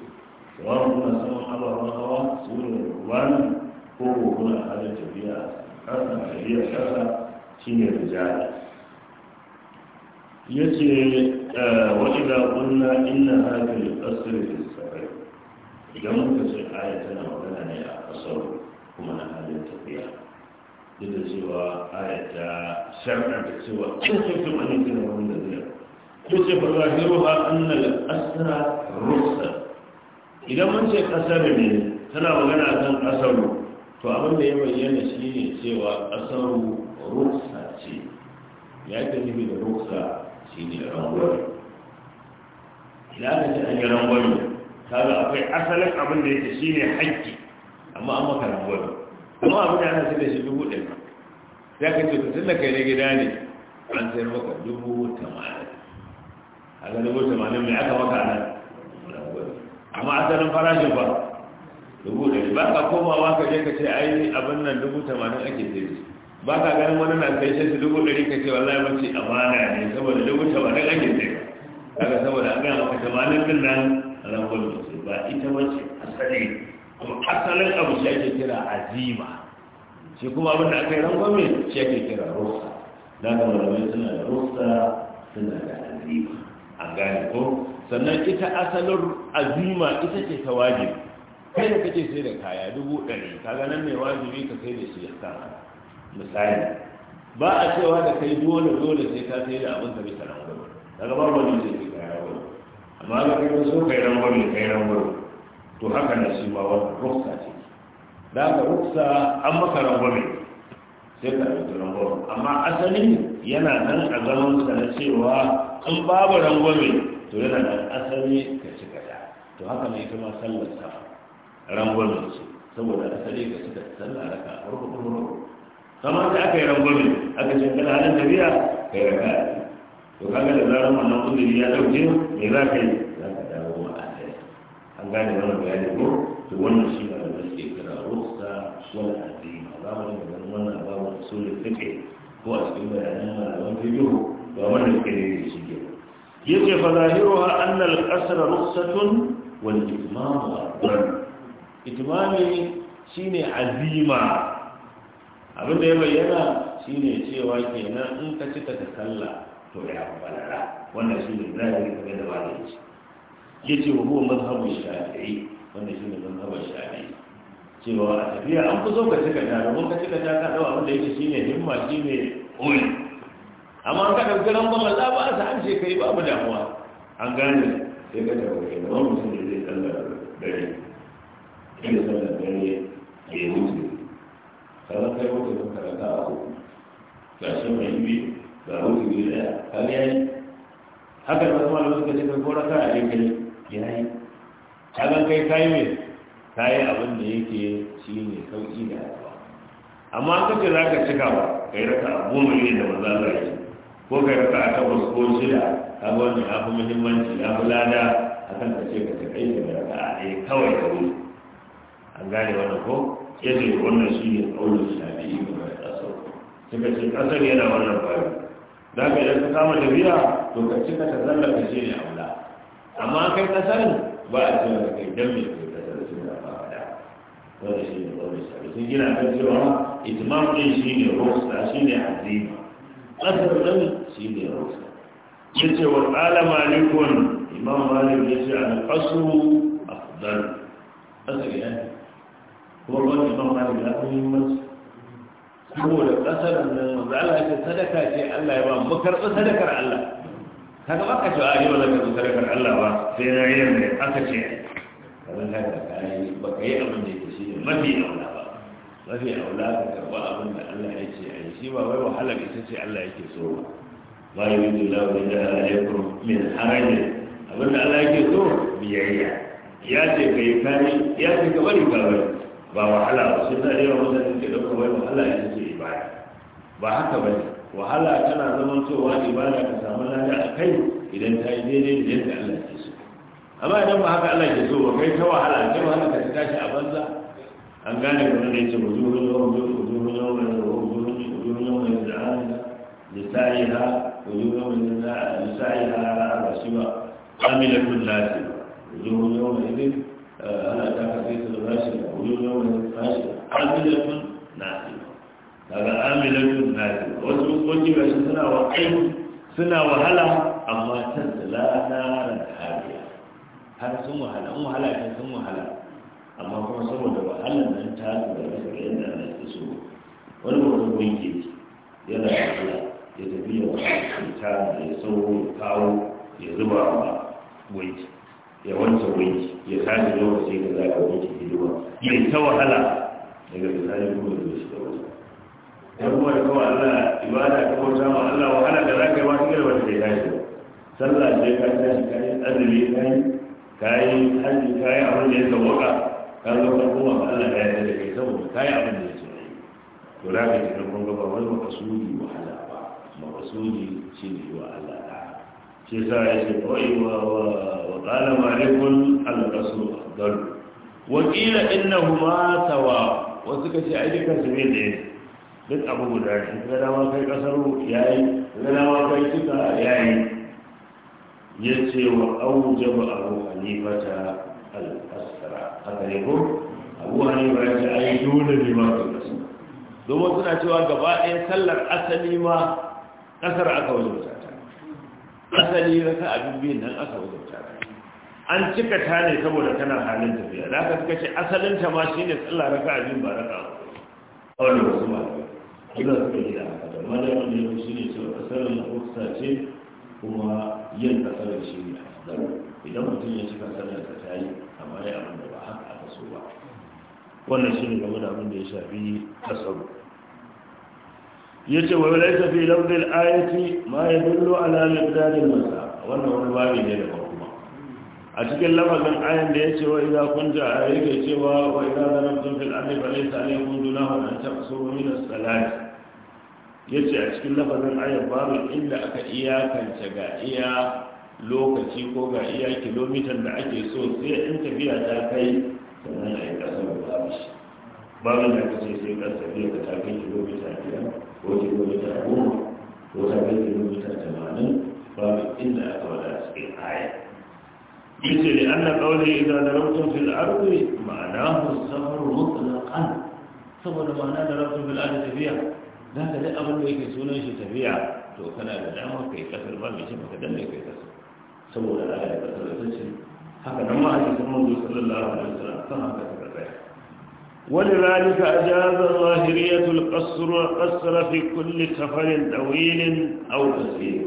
tsawon kuna saman ababen hawa su ne da rubanin ko ko kuna halin tafiya haka tafiya kasa shine rijali yace wa idza qulna inna hadhihi al-asr fi as-safar idan muka ce aya tana magana ne a kasar kuma na halin tafiya duk da cewa aya ta sharɗa da cewa in kun fi wani gina wani da zai yace fa zahiruha anna al-asra rukhsa idan mun ce kasar ne tana magana kan kasaru to abin da ya bayyana shi ne cewa ƙasar ruksa ce ya ta nufi da ruksa shi ne rangwani idan aka ce an yi rangwani kaga akwai asalin abin da yake shi ne haƙƙi amma an maka rangwani kuma abin da ana ce da shi dubu ɗaya ya ka ce tun da kai na gida ne an sayar maka dubu tamanin a ga dubu tamanin mai aka maka nan rangwani amma asalin farashin ba dubu ɗari ba ka komawa ka je ka ce ai abin nan dubu tamanin ake sai ba ka ganin wani na kai shi dubu ɗari ka ce wallahi ba ce amana ne saboda dubu tamanin ake sai daga saboda an gaya maka tamanin din nan ran da ce ba ita ba ce asali kuma asalin abu shi ake kira azima shi kuma abin da aka yi rangon mai shi ake kira rusa da ga malamai suna da rusa suna da azima an gane ko sannan ita asalin azima ita ce ta wajibi kai da kake sai da kaya dubu ɗari kaga nan mai wajibi ka kai da shi ya sama misali ba a cewa da kai dole dole sai ka sai da abin ka bisa nan gwamnati daga ba wani sai ka kaya wani amma ga kai so kai nan gwamnati kai nan gwamnati to haka na shi ma wani ruksa ce da ka ruksa an maka nan gwamnati sai ka ɗauki rangwame amma asali yana nan a sa na cewa in babu rangwame to yana nan asali ka cika da to haka ne kuma sallar safa rangwamen su saboda asali ga suka sallah raka a farko kuma kamar da aka yi rangwamen aka ce kana halin tafiya kai raka to kaga da zaran wannan uzuri ya dauke me za ka yi za ka dawo ma a tsaye an gane wannan bayani ko to wannan shi ne da suke kira rusa wal azima za mu yi ganin wannan babu usulul take ko a cikin bayanan malaman fiqh ba wannan suke ne da shi ke yace fa zahiruha anna al-qasra rukhsatun wal itmam wa itmami shine azima abin da ya bayyana shine cewa kenan in ka cika ta sallah to ya balara wannan shine zahiri kamar da wani yace yace wa huwa mazhabu shafi'i wannan shine mazhabu shafi'i cewa a tafiya an fi so ka cika ta domin ka cika ta ka dawa abin da yake shine himma shine oil amma ka ɗauki ramban Allah ba a sa ce kai babu damuwa an gane sai ka tafi da wani mutum da zai tsalla dare inda sallar dare ya wuce sannan kai wuce sun karanta a hudu ga shi mai yi ga wuce biyu daya kan ya yi haka da wasu malamai suka ce kai ko raka a yankin ya yi kagan kai kayi mai kayi abin da yake shi ne sauƙi da yawa amma an kace za ka cika ba kai raka a goma ne da maza za yi ko kai raka a takwas ko shida ka ga wannan ya fi muhimmanci ya fi lada akan ka ce ka cika yi da raka a ɗaya kawai da wuri an gane wani ko ya ce wannan shi ne ƙaunar shafi'i ga mai ƙasar suka ce ƙasar yana wannan bayan za ka idan ka kama biya to ka cika ta ka shi ne wula. amma kai ƙasar ba a cewa ka kai dan mai kai ƙasar shi na da wannan shi ne ƙaunar shafi'i sun gina kan cewa itimam ɗin shi ne rosta shi ne azima ƙasar ɗin shi ne rosta ya ce wa ƙala malikun imam malik ya ce al-qasru afdal asali ne kuma ruwan imam malik ya fi muhimmanci saboda ƙasar nan da Allah ya sadaka ce Allah ya ba mu karɓi sadakar Allah kaga ba ka cewa ai ba zan karɓi sadakar Allah ba sai na yi ne aka ce kaga ka ka yi ba kai abin da yake shi ne mafi aula ba mafi aula ka karɓa abin da Allah ya ce a yi shi ba wai wahala ita ce Allah yake so ba ma yuridu lahu illa alaykum min harajin abin da Allah yake so biyayya ya ce ka yi kari. ya ce ka bari ka ba wahala ba shi na yawan da ke dauka wai wahala ya ce ibada ba haka ba wahala tana zaman cewa ibada ka samu lada a kai idan ta yi daidai da yadda Allah ke so amma idan ba haka Allah ke so ba kai ta wahala ke wahala ka ta tashi a banza an gane wani da ya zuwa wuzuhun yawon zuwa yawon wuzuhun zuwa da lisaiha zuwa lisaiha ba shi ba amilatun zuwa wujuhun yawon zuwa Eh, ana taka sai su rashi da kudu na wani rashi amilatun nasi daga amilatun nasi wasu hukunci ga shi suna wa aiki suna wahala amma can da lanarar kariya har sun wahala in wahala ce sun wahala amma kuma saboda wahalar nan ta su da rasa yadda na ke so wani mutum gunki yana wahala ya tafi ya wahala ta tara ya sauro ya kawo ya zuba wa gunki ya wanke wanki ya sani lokaci da za ka wanke hidiwa ya ta wahala daga misali kuma da wasu da wasu ya kuma da kawai Allah ibada ta wata Allah wahala da za ka yi ma gina wata da ya tashi sallah sai ka tashi ka yi azumi kayan yi kayan yi hajji kayan abin da ya sauwaka ka zo ka kuma ma Allah ya yi da kai saboda ka yi abin da ya ce to za ka yi kun gaba wani makasudi wahala ba makasudi shi ne wa Allah shi sa ya ce kawai wa ƙala malikun alƙasu galu waƙila ina huma sawa wasu ka ce ai duka su ne da duk abu guda ne ga dama kai ƙasar ya yi ga dama kai cika ya yi ya ce wa ba abu halifata al-asra haka ne ko abu hanifa ya ce ai dole ne ma ka kasu domin suna cewa gaba ɗaya sallar asali ma ƙasar aka wajen asali raka abin biyun nan aka ta an cika ta ne saboda kana halin tafiya da aka suka ce asalin ta ma shine tsalla raka abin baraka a wani wasu ba ina suka yi da haka da wani yau shi ne cewa asalin na kusa ce kuma yin asalin shi ne a idan mutum ya cika sallar ta ta yi amma ya abin da ba haka aka so ba wannan shi ne game da abin da ya shafi tasaru yace wa laysa fi lafz ayati ma yadullu ala miqdar masa wannan wani babi ne da kuma a cikin lafazin ayan da yace wa idza kunta ayyuka cewa wa da zanamtum fil ardi falaysa alaykum junahun an taqsuru min as-salati yace a cikin lafazin ayan babu inda aka iyakance ga iya lokaci ko ga iya kilomitan da ake so sai in tafiya ta kai sannan ayi babin da kace sai ka tafi ka tafi kilomita biyar ko kilomita goma ko tafi kilomita tamanin babin inda aka wada cikin aya yace da anna qawli idza darabtum fil ardi ma'anahu safar mutlaqan saboda ma'ana darabtum fil ardi tafiya za ka da abin da yake sunan shi tafiya to kana da dama kai kasar ba mai ce maka danne kai kasar saboda aya da ta ce haka nan ma hadisin manzo sallallahu alaihi wasallam kan haka ولذلك أجاز الظاهرية القصر قصر في كل سفر طويل أو قصير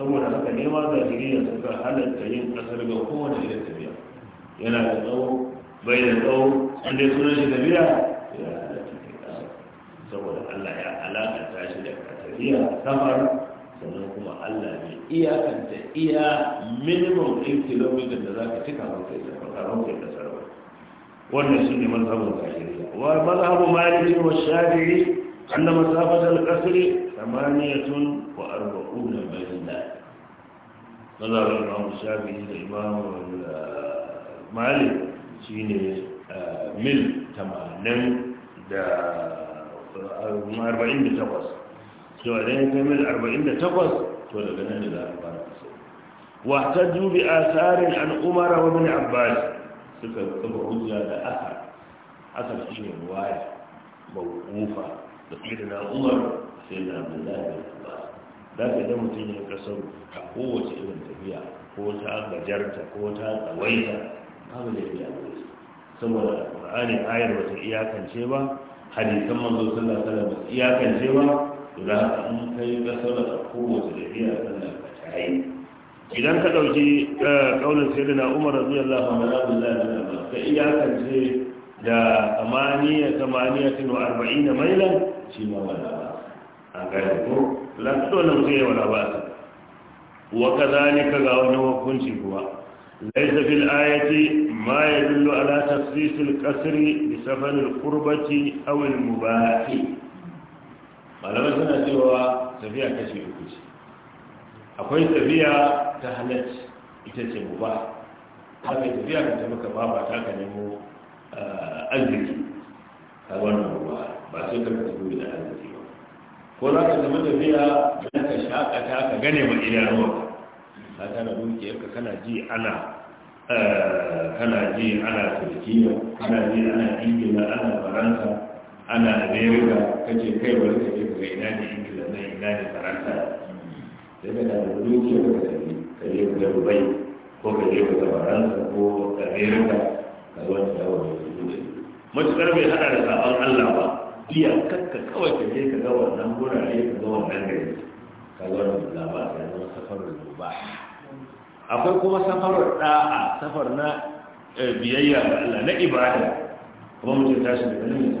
saboda haka nema ma zahiriya suka halatta yin kasar ga kowane irin tafiya yana da tsawo bai da tsawo an dai shi tafiya ya halatta saboda Allah ya tafiya sannan kuma Allah ne iyakanta iya minimum ɗin kilomita da za ka cika kai safar kai وأن السنة مذهب الكافرية ومذهب مالك والشافعي أن مسافة القصر ثمانية وأربعون بين مذهب الإمام الشافعي الإمام مالك شيني آه، مل ثمانين دا أربعين بتقص سواء ذلك من أربعين بتقص ولا بنان إلى أربعين واحتجوا بآثار عن عمر وابن عباس suka kafa hujja da asar asar shi ne ruwaya mawqufa da sayyidina umar sai na abdullahi ba za ka ga mutum ya kasar a kowace irin tafiya ko ta gajarta ko ta tsawaita babu da iya saboda qur'ani ayar wata iyakance ba hadisan manzo sallallahu alaihi wasallam iyakance ba to za ka in kai kasar a kowace tafiya sallah ka yi. idan ka ɗauki eh, ƙaunar sai na umar rabu yalla a mazabin lalata ka kance da amaniya samaniya nuna arba'in da mailan shi ma wala ba a gaya ko lantarki wani mutu ya wala ba wa ka ni ka ga wani hukunci kuwa laisa fil ayati ma ya dillo ala sisil kasiri da safanin kurbaci awil mubahi malamai suna cewa tafiya kashe hukunci akwai tafiya ta halacci ita ce mu ba haka tafiya ka tafi ba ba ta ka nemo eh, arziki a wannan ruwa ba sai ka tafi da arziki ba ko za ka tafi tafiya don ka shakata ka gane ma idanuwa ka tana dukiyarka kana ji ana eh, kana ji ana turkiya kana ji ana ingila ana faransa ana amerika kace kai wani kace ga ina ne ingila na ina ne faransa sai ka tafi dukiya ka tafi ka je ka tafi bai ko ka je ka tabaransa ko ka rera ka zo ta dawo da su ne matuƙar bai haɗa da sabon Allah ba iya kakka kawai ka je ka ga wannan gurare ka ga wannan gari ka ga wannan labarin ya zama safarar ba. akwai kuma safarar da'a safar na eh, biyayya ga Allah na ibada kuma mutum tashi da ganin ya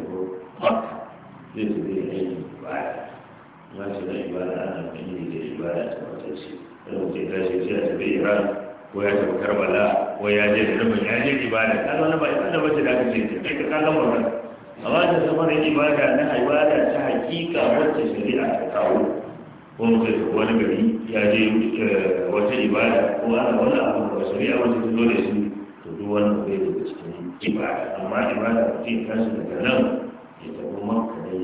tafi zai tafi aiki ba. ma ce na ibada ana fili da ibada ta wata ce wani mutum ti ko ya tafi karbala ko ya je da ya je ibada da ce ta ka kaga wannan amma ta zama da ibada na ibada ta hakika wacce shari'a ta kawo ko mutum wani gari ya je wata ibada ko ana wani àti da shari'a wacce ta zo da shi to duk wani daga cikin amma nan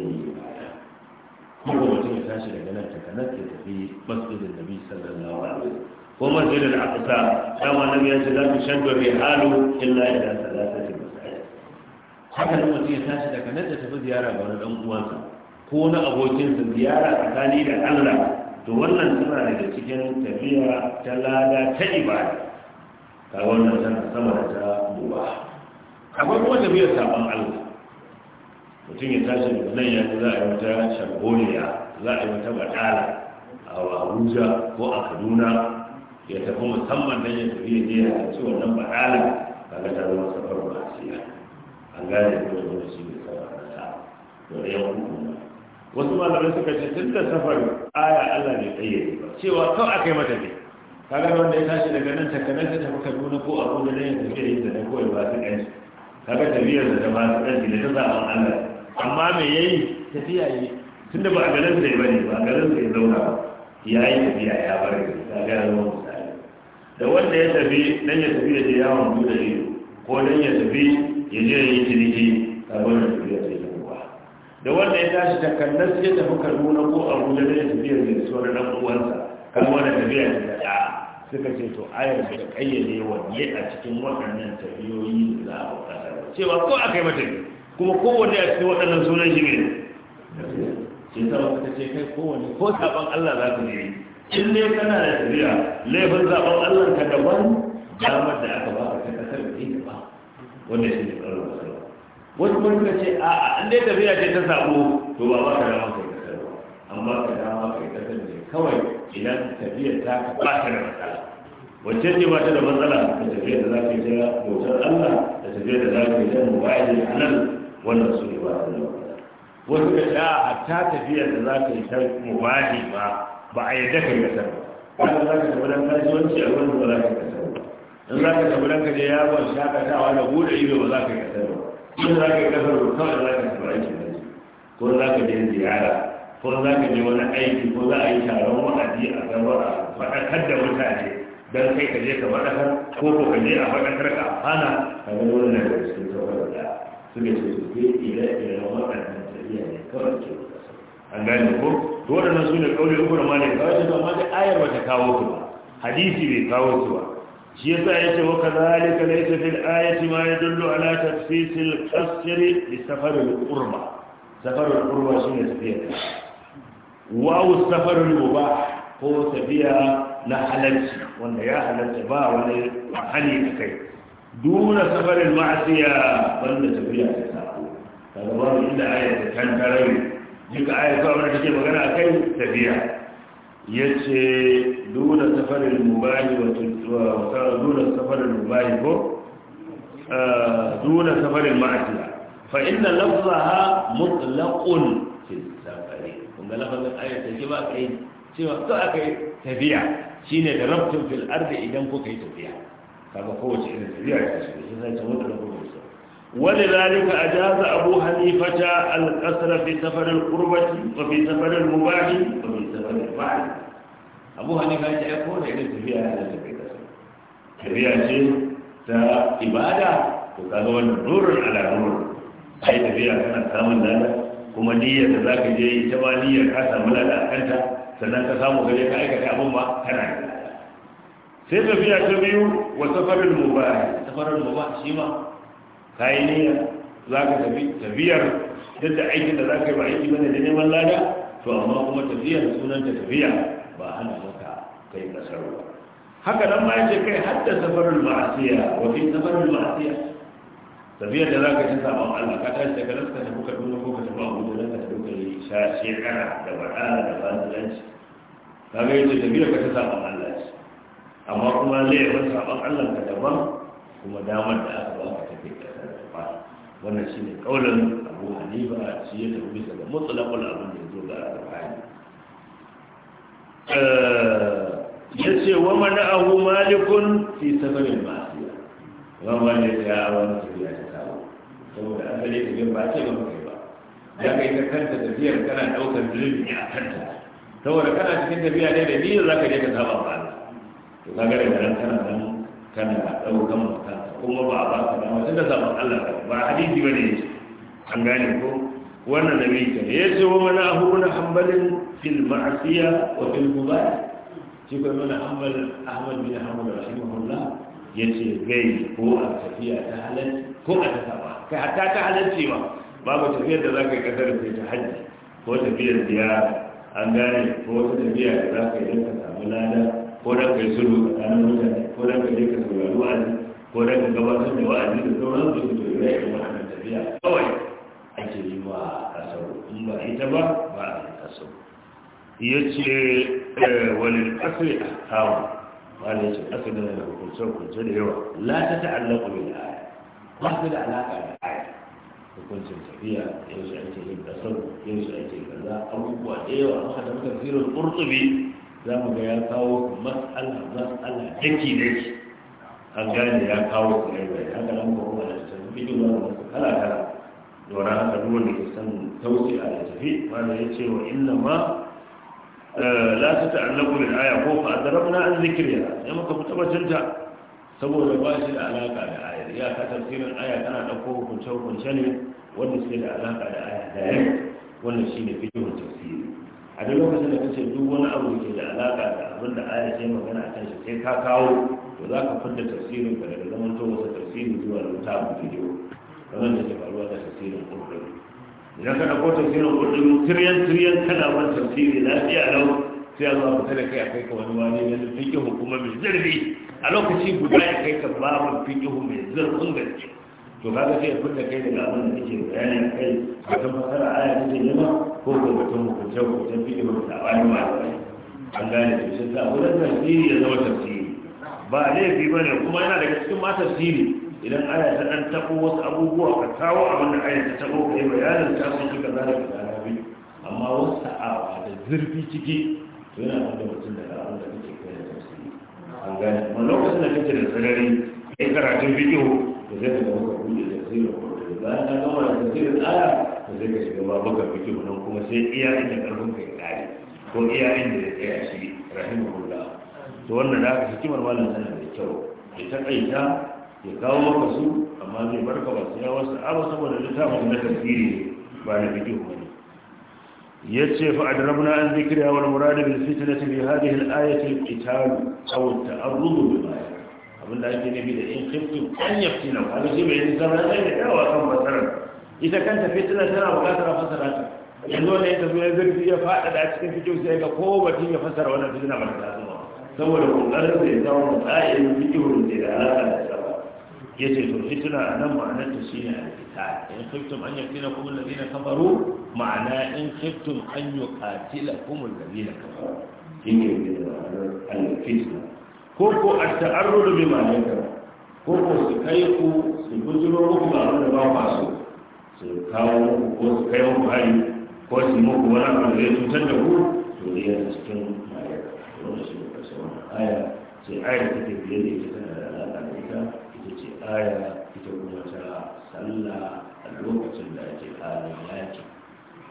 ya tashi daga nan ta kanar ta tafi masjidin nabi sallallahu alaihi ko masjidin aqsa dama nabi ya ce za ku shaddu halu, illa ila salatati masaya. haka nan mutum ya tashi daga nan ta tafi ziyara ga wani dan uwansa ko na abokinsa ziyara tsakani da Allah to wannan suna daga cikin tafiya ta lada ta ibada ta wannan tana sama da ta duba akwai kuma tafiyar sabon Allah mutum ya tashi daga nan ya za a yi wata shagoliya za a yi wata batala a abuja ko a kaduna ya tafi musamman don ya tafi ya je ya ci wannan batala kaga ta zama safar ba siya an gane ko da wani shi ne safar ta to da yawan hukuma wasu malamai suka ce tun da safar aya Allah ne tsaye ba cewa kawai aka yi mata ne kaga wanda ya tashi daga nan takanar ta tafi kaduna ko abuja ne ya tafi ya yi zane kawai ba su ɗansu kaga tafiyar da ta ba su ɗansu da ta zaɓen Allah amma me yayi tafiya yi tunda ba a garin sai bane ba a garin sai zauna ya yi tafiya ya bar gari ta ga yawan misali da wanda ya tafi dan ya tafi ya je yawon da ido ko dan ya tafi ya je ya yi ciniki ka gwamnati tafiya sai ta kuwa da wanda ya tashi ta kallas ya tafi karnuna ko wuce da ya tafi ya zai suwar dan uwansa kan wani tafiya ta da suka ce to ayar da kayyade wanne a cikin waɗannan tafiyoyi da za a kasar cewa ko a yi mata kuma kowanne a cikin waɗannan sunan shi ne ke sa ka ce kai kowane ko sabon Allah za ka yi in dai kana da tafiya laifin sabon Allah ka daban damar da aka ba ka ta kasar da ita ba wanda shi ne tsarin wasu wasu kuma suka ce a a in dai tafiya ce ta sabo to ba ba ka dama kai kasar ba amma ka dama kai kasar ne kawai idan tafiya ta ba ta da matsala wacce ce ba ta da matsala da tafiya da za ka yi ta bautar Allah da tafiya da za ka yi ta mubayin halal wannan su ne ba ta da matsala wasu da ya ta tafiyar da za ka yi ta mubahi ba, ba a yadda ka gasa ba wanda za ka tafi don kasuwanci a wurin ba za ka gasa ba in za ka tafi don ka je yawon shakatawa da buɗe ido ba za ka gasa ba in za ka yi kasar kawai za ka tafi aiki da ko za ka je ziyara ko za ka je wani aiki ko za a yi taron wa'azi a kan a faɗakar da mutane don kai ka je ka faɗakar ko ko ka je a faɗakar ka hana ka ga wani daga cikin sauran da suke su ke ire-iren waɗanda an gani ko to waɗannan su ne ƙauri uku da ma ne kawo su amma da ayar ba kawo su ba hadisi bai kawo su ba shi yasa ya ce wa kazalika laysa fil ayati ma yadullu ala tafsisil qasr li safaril qurba safaril qurba ne tafiya wawu safaril mubah ko tafiya na halarci wanda ya halarci ba wani hali a kai duna safaril ma'asiya wanda tafiya ta sa kaga babu inda ayar ta tantarayi duka ayar kawai wanda take magana a kai tafiya ya ce duna safarin mubahi wa duna safarin mubahi ko ah, duna safarin ma'asiya fa inna lafzaha mutlaqun fi safari kun ga lafazin ayar take ba kai cewa to akai tafiya shine da rabtun fil ardi idan kuka yi tafiya kaga kowace irin tafiya Ya ta shi sai ta mutlaqun ولذلك أجاز أبو حنيفة القصر في سفر القربة وفي سفر المباح وفي سفر الفعل أبو حنيفة يقول إن تبيع هذا الذي تبيع شيء كإبادة وكذا نور على نور أي تبيع كان سامن لنا kuma niyyar da za ka je yi ta ba ka samu lada a kanta sannan ka samu je ka aikata abin ba kana yi sai tafiya ta biyu wa safarin mubarak safarin mubarak shi ma ka yi niyya za ka tafiyar yadda aikin da za ka yi ba aiki bane da neman lada to amma kuma tafiyar sunan ta tafiya ba hana maka kai kasar ba haka nan ma yace kai hadda safarul ma'asiya wa fi safarul ma'asiya tafiyar da za ka ci sabon Allah ka tashi daga nan ka tafi Kaduna ko ka tafi Abuja nan ka tafi kai sha shekara da badala da fasilanci kaga yace tafiyar ka ta sabon Allah amma kuma yi laifin sabon Allah ka daban kuma damar da aka ba ka tafi kasar da ba wannan shine kaulin abu hanifa shi ya tafi bisa ga mutlaqul abin da zo ga alqur'ani eh, ya ce wa mana'ahu malikun fi sababin ma'asiya wa wanda ya wani tafiya ta kawo saboda asali tafiyar ba ce ba kai ba ya kai ta kanta tafiyar kana daukar zulmi a kanta saboda kana cikin tafiya ne da ni zaka je ka saba ba to kaga daga nan kana nan kana ɗaukan maka kuma ba a ba su dama tun da sabon Allah ba hadisi bane yace an gane ko wannan da nabi ta yace wa mana ahuna hanbalin fil ma'siya wa fil mubah shi ko mana hanbal ahmad bin hanbal rahimahullah yace gai ko a tafiya ta halal ko a ta saba kai hatta ta halalcewa babu tafiyar da zaka yi kasar ta hajji ko tafiyar ziyara an gane ko wata tafiya da za ka yi don ka samu lada ko don ka yi sulhu tsakanin mutane ko don ka je ka saurari wa'azi ko da ka gabatar da wa'azi da sauran su to ya yi wannan tafiya kawai ake yi wa kasar in ba ita ba ba a yi kasar ya ce eh, wani kasar a kawo wani yace kasar da na hukunce da yawa la ta ta'allaka min aya ba su da alaƙa da aya hukuncin tafiya yanzu ake yin kasar yanzu ake kaza abubuwa da yawa haka da muka firar ƙurtubi za mu ga ya kawo mas'ala mas'ala daki daki an gane ya kawo tsirrai ya nan ba kuma da tafi bidiyo na wasu kala kala dora haka duk wanda ke san tausi a da tafi wanda ya ce wa inna ma eh, la ta ta'allaku aya ko fa adrabna an zikriya ya muka fi tabbatar saboda ba shi da alaka da aya ya ka tafsirin aya tana ɗauko hukunce hukunce ne wanda suke da alaka da aya da yau wannan shine fiqhul tafsiri a duk lokacin da kace duk wani abu ke da alaka da abin da aya ce magana a kanshi sai ka kawo to za ka fadda tafsirin ka daga zaman to wasa tafsirin zuwa da wata abu bidiyo kamar da ke faruwa da tafsirin kurkuri idan ka ɗauko tafsirin kurkuri tiryan tiryan kana wani tafsiri lafiya lau sai a zuwa fita da kai a kai ka wani wani yanzu fikihu kuma mai zarbi a lokaci guda ya kai ka babu fikihu mai zurfin gaske to kaga sai ya fita kai daga abin da kike bayanin kai batun fasara aya ne ma ko ko batun hukunce fi mun da wani ma an gane shi sai sa wurin tafsiri ya zama tafsiri ba laifi ba ne kuma yana daga cikin ma tafsiri idan aya ta dan tabo wasu abubuwa ka kawo abin da aya ta tabo kai bayanin ta sun shi kaza da arabi amma wasu sa'awa da zurfi ciki to yana da mutum da abin da kike kai da tafsiri an gane kuma lokacin da kike da sarari kai karatun bidiyo zai da muka buɗe da tafsirin kurtubi bayan ka gama da tafsirin aya to sai ka shiga babu ka fito nan kuma sai iya inda karfin ka ya kare ko iya inda ya tsaya shi rahimahullah to wannan da aka hikimar malam tana da kyau ya takaita ya kawo maka su amma zai barka ba su yawa sa'aba saboda littafin na tafsiri ba na fiqh ba ne yace fa adrabna an dhikra wal murad bil fitnati bi hadhihi al ayati al qital aw al ta'arrud bil ayat ومن أجل نبي لإن خبتم أن يفتنوا هذا جمع الإنسان من أجل أو أكم مثلا إذا كانت فتنة سنة وكثرة فسرات يقول لي تقول لي ذلك يا فاعل عسكين في جوز هيك قوة تيجي فسر وأنا فتنة من الأرض ثم لو قلت له إذا هم قائل بجهر دلالة يجب الفتنة أنا معنى تسينا إن خفتم أن يقتلكم الذين كفروا معنى إن خفتم أن يقاتلكم الذين كفروا تيجي الفتنة ko ko a ta'arrudu bi ma ko ko su kai ku su bujiro muku ba da ba ku so su kawo muku ko su kai muku hari ko su muku wani abu da ya cutar da ku to ne yana cikin malaka wanda shi ne karshe wannan aya ce aya da take biye da ita tana da alaƙa da ita ita ce aya ita kuma ta sallah a lokacin da ake halin yaki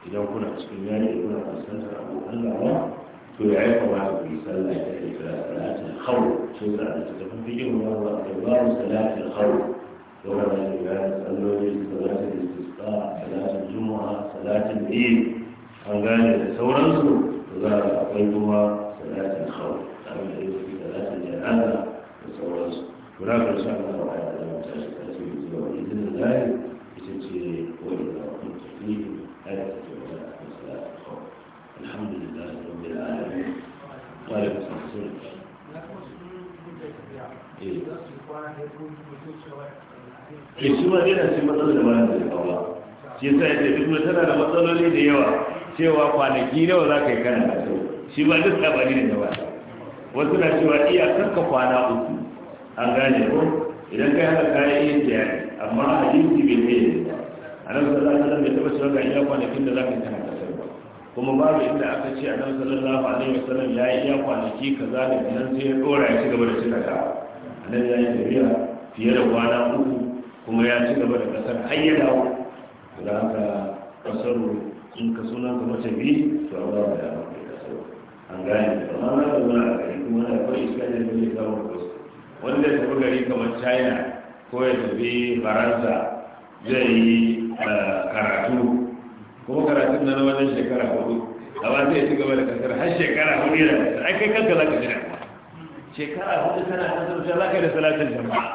idan kuna cikin yaki kuna fuskantar abokan gaba to ya yi kama da bi sallah ta ke kira salatul khawf sun da ta tafi cikin wannan ibadu salatul khawf wannan da ya yi salloli salatul istisqa salatul jumu'a salatul eid an gane da sauransu
to za a akwai kuma
salatul khawf tare da yau salatul janaza da sauransu to na karshen Allah ya yi da mutashi ta ce zuwa idin da الحمد لله رب العالمين
ke shi ma yana matsalar da da kawo shi sa ya kuma tana da matsaloli da yawa
cewa kwanaki nawa za ka yi kana da shi ma duk tsabari ne da wasu na cewa kwana uku an gane ko idan haka kayan yin amma a bai a nan sa za ka zama ya taɓa iya kwanakin da za ka yi kana kuma babu inda aka ce a nan sallallahu alaihi wasallam ya yi iya kwanaki kaza da biyan sai ya dora ya ci gaba da cika ka nan ya yi tafiya fiye da kwana uku kuma ya ci gaba da kasar har ya dawo da haka kasar in ka suna ka mace biyu to ba ya yi maka kasar an gane amma na da wani a gari kuma na kawai iska da zai da kusa wanda ya tafi gari kamar china ko ya tafi faransa zai yi eh, karatu kuma karatun na wajen shekara hudu a ba zai ci gaba da kasar har shekara hudu yana kasar ai kai kanka za ka jira shekara hudu tana kasar ta za ka da salatin jama'a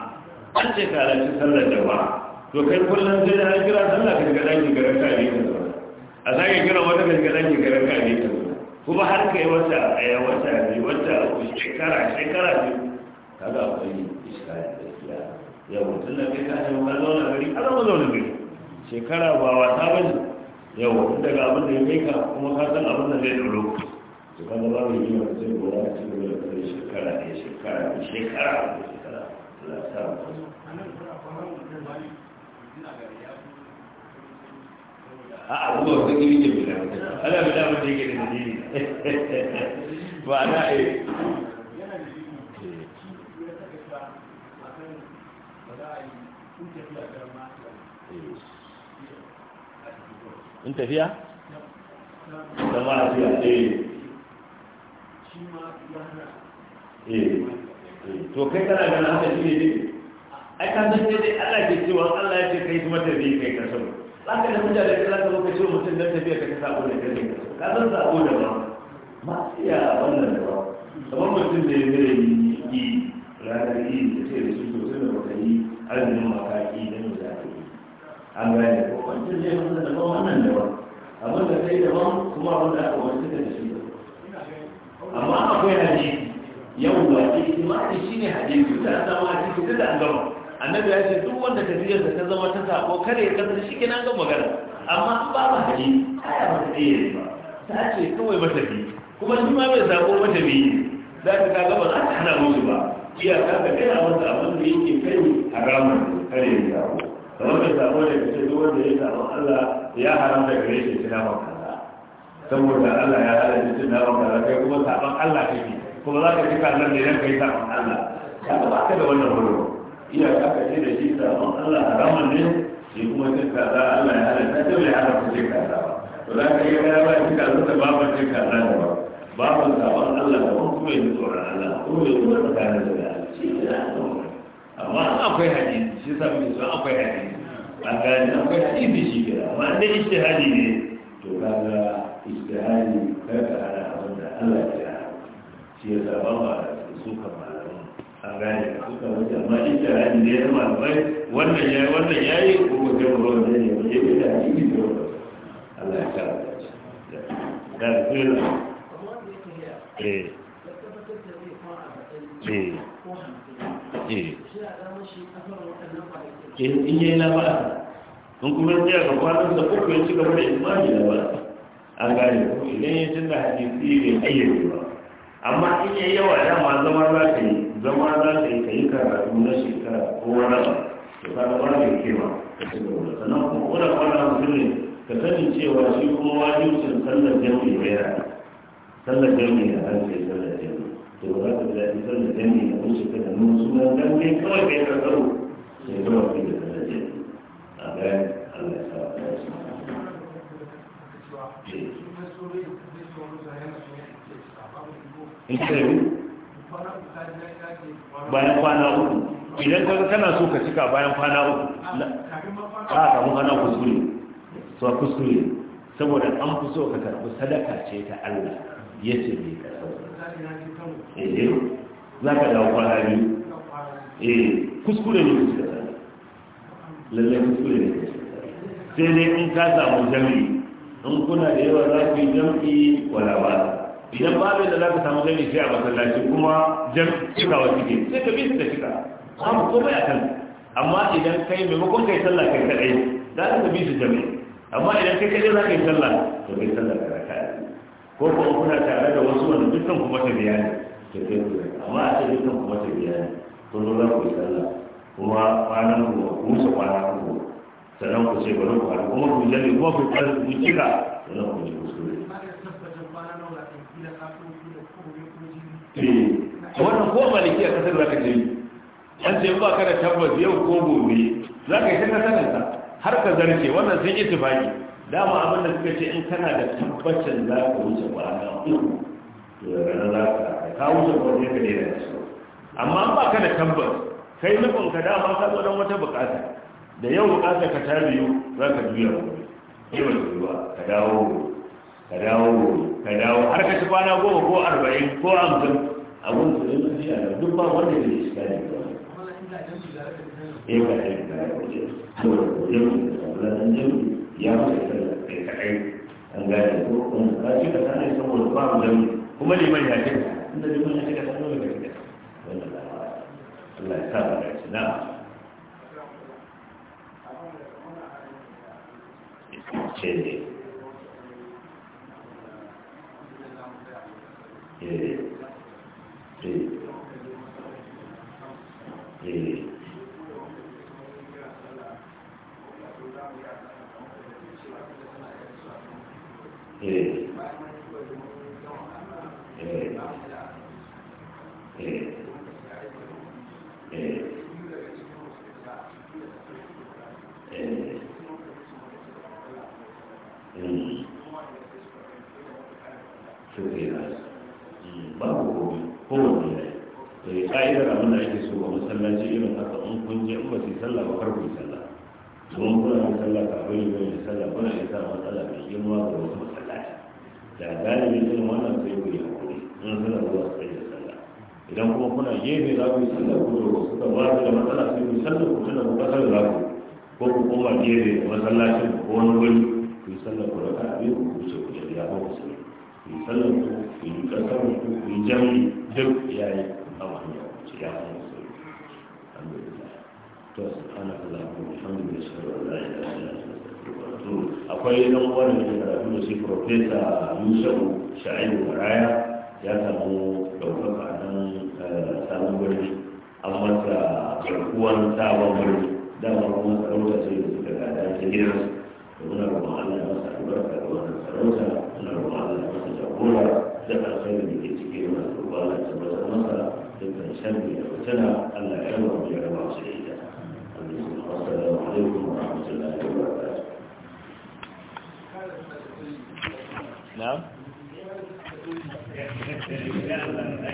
an ce ka halarci sallar jama'a to kai kullum sai da an kira sallah ka shiga ɗakin garin ka ne a za ka kira wata ka shiga ɗakin garin ka ne kuma har kai wata yi wata ne wata uku shekara shekara biyu ga akwai iskari ya yau mutum na kai ka ce ma zauna gari a zama zaune gari shekara ba wa ba yau tun daga abin da ya kai kuma ka san abin da zai duro to ba mu yi wata sai gora a cikin wani kai shekara ne shekara ne shekara ne shekara la ta ku
a
a kuma wata gini ne bila ala bila mun da yake da dalili ba ana eh Thank in tafiya
a fiya eh.
eh eh to kai kana haka shi ne ai ka san dai Allah ke cewa Allah ya ce kai kuma tafi kai ka za ka da da ka zo ka ce mutum tafiya ka da kai ka san da ba ma iya wannan da ba mutum da ya mere yi ranar yi da ce da su sosai makaki an gane ko wancan zai da daban wannan daban abin da kai daban kuma abin da aka wani suka da
shi amma akwai hadisi yau ba ijtimai shine
hadisi da an samu hadisi da an gama annabi ya ce duk wanda ta tafiyar ta zama ta sako kare ya kasance shi kenan ga magana amma an ba ba hadisi aya ba ta iya ba ta ce kawai matafi kuma shi ma bai sako matafi za ka kaga ba za ta hana musu ba iyaka ka kai a wasu abin da yake kai haramun kare ya sako kamar mai sabo da kace duk wanda ya sabo Allah ya haramta gare shi tuna ba kaza saboda Allah ya halatta tuna ba kaza kai kuma sabon Allah kake kuma za ka ji kallon ne dan kai sabon Allah ya ba ka da wannan horo iya ka kace da shi sabon Allah haramun ne shi kuma cin kaza Allah ya halatta ta bai haramta cin kaza ba za ka iya ga ba cin kaza ta babu cin kaza da ba babu sabon Allah da kuma yin tsoron Allah kuma yin tsoron Allah shi ne amma akwai hadisi shi sa mai so akwai hadisi an gane akwai hadisi shi kira amma da ijtihadi ne to kaga ijtihadi kar ka hada abin da Allah ya shi ya sa ba ma su kan malamin an gane ka suka wuce amma ijtihadi ne ya malamai wannan ya wannan yayi ko wajen ruwan da ne wajen da hadisi ne Allah ya kara da da kula eh eh, eh. in yi na labara in kuma ya ga kwanan da uku ya ci gaba da imani labara an gane ko idan ya tunda hadisi bai yi ba amma in yi yawa dama zama za ka yi zama za ka yi ka yi karatu na shekara ko wani ba to ka zama da ke ma ka ci gaba da sannan kuma wani kwanan mutum ne ka sani cewa shi kuma wajibcin sallar jami'i ya sallar jami'i ya hanci sallar to ba za ka ji daɗi sanin dangi na wuce ka da nuna suna dan ne kawai kai ka karo sai ka wafi da kana je a
bayan Allah ya sa a kai su. bayan kwana uku idan ka kana so ka cika bayan kwana uku a ah, kamun kwana kuskure
so kuskure saboda an fi so ka karɓi sadaka ce ta Allah ya ce mai karɓar eh za ka dawo kwana biyu eh kuskure ne kuskure lallai kuskure ne sai dai in ka samu jami in kuna da yawa za ku yi jam'i wala ba idan babu da za ka samu jami sai a masallaci kuma jam'i cikawa cike sai ka bisa su cika samu komai a kan amma idan kai maimakon kai sallah kai kadai za ka bi su jami'i amma idan kai kadai za ka yi sallah to kai sallah ka raka ko kuma kuna tare da wasu wanda dukkan kuma ta biya ne tafiya ku amma a cikin kan kuma tafiya ne kun zo za ku yi sallah kuma kwanan ku ku musa kwanan ku sannan ku ce bari ku haɗu kuma ku jami kuma ku tsara ku kira sannan ku ji kuskure.
Eh, wannan ko maliki a kasar za ka je
an ce ba ka da tabbas yau ko gobe za ka yi ta kasararsa har ka zarce wannan sun yi tufaki dama abin da suka ce in kana da tabbacin za ka wuce kwana uku to daga nan za ka kawo wuce ko gane ka su amma ba ka da tabbas kai nufin da dama ka zo wata bukata da yau bukata ka ta biyu za ka juya gobe yawan ka dawo ka dawo ka dawo har ka ci kwana goma ko arba'in ko hamsin abun su yi mafi a duk ba wanda eh, ya yi ne ba ka yi ka yi ya kai kaɗai an gane ko wanda ka ci ka sanar saboda ba mu kuma liman ya ce inda jumla ne ka tsaro daga gida Allah ya sa da shi na ce ne
eh, eh. eh. eh.
ka'idar abin da ake so a masallaci irin haka in kun je in ba su yi sallah ba kar ku yi sallah domin kuna yin sallah ka bai yi sallah kuna yin sa matsala mai girma ga wasu masallaci da galibi irin wannan sai ku yi hakuri in suna zuwa su tsaye da sallah idan kuma kuna gefe za ku yi sallah ku da wasu ka ba su da matsala sai ku yi sallah ku tuna ku kasar za ku ko ku koma gefe da masallacin ko wani wuri ku yi sallah ku raka abin ku wuce ku da ya ku sallah ku yi sallah ku yi kasar ku yi jami'i duk yayi شاء الله الحمد لله to subhanahu wa ta'ala alhamdulillah ashhadu an la ilaha
illa anta astaghfiruka
wa atubu akwai dan wani da karatu da shi professor Musa Sha'ibu Baraya ya samu daukaka a nan sabon gari an masa garkuwan sabon gari dama kuma sarauta ce da suka gada ta gidan muna roƙon Allah ya masa albarka da wannan sarauta muna roƙon Allah ya masa jagora da alkhairi da ke cikin wannan roƙon Allah ya masa تلك نسمي أختنا ألا حلوة بجعلها
سعيدة السلام عليكم ورحمة الله وبركاته نعم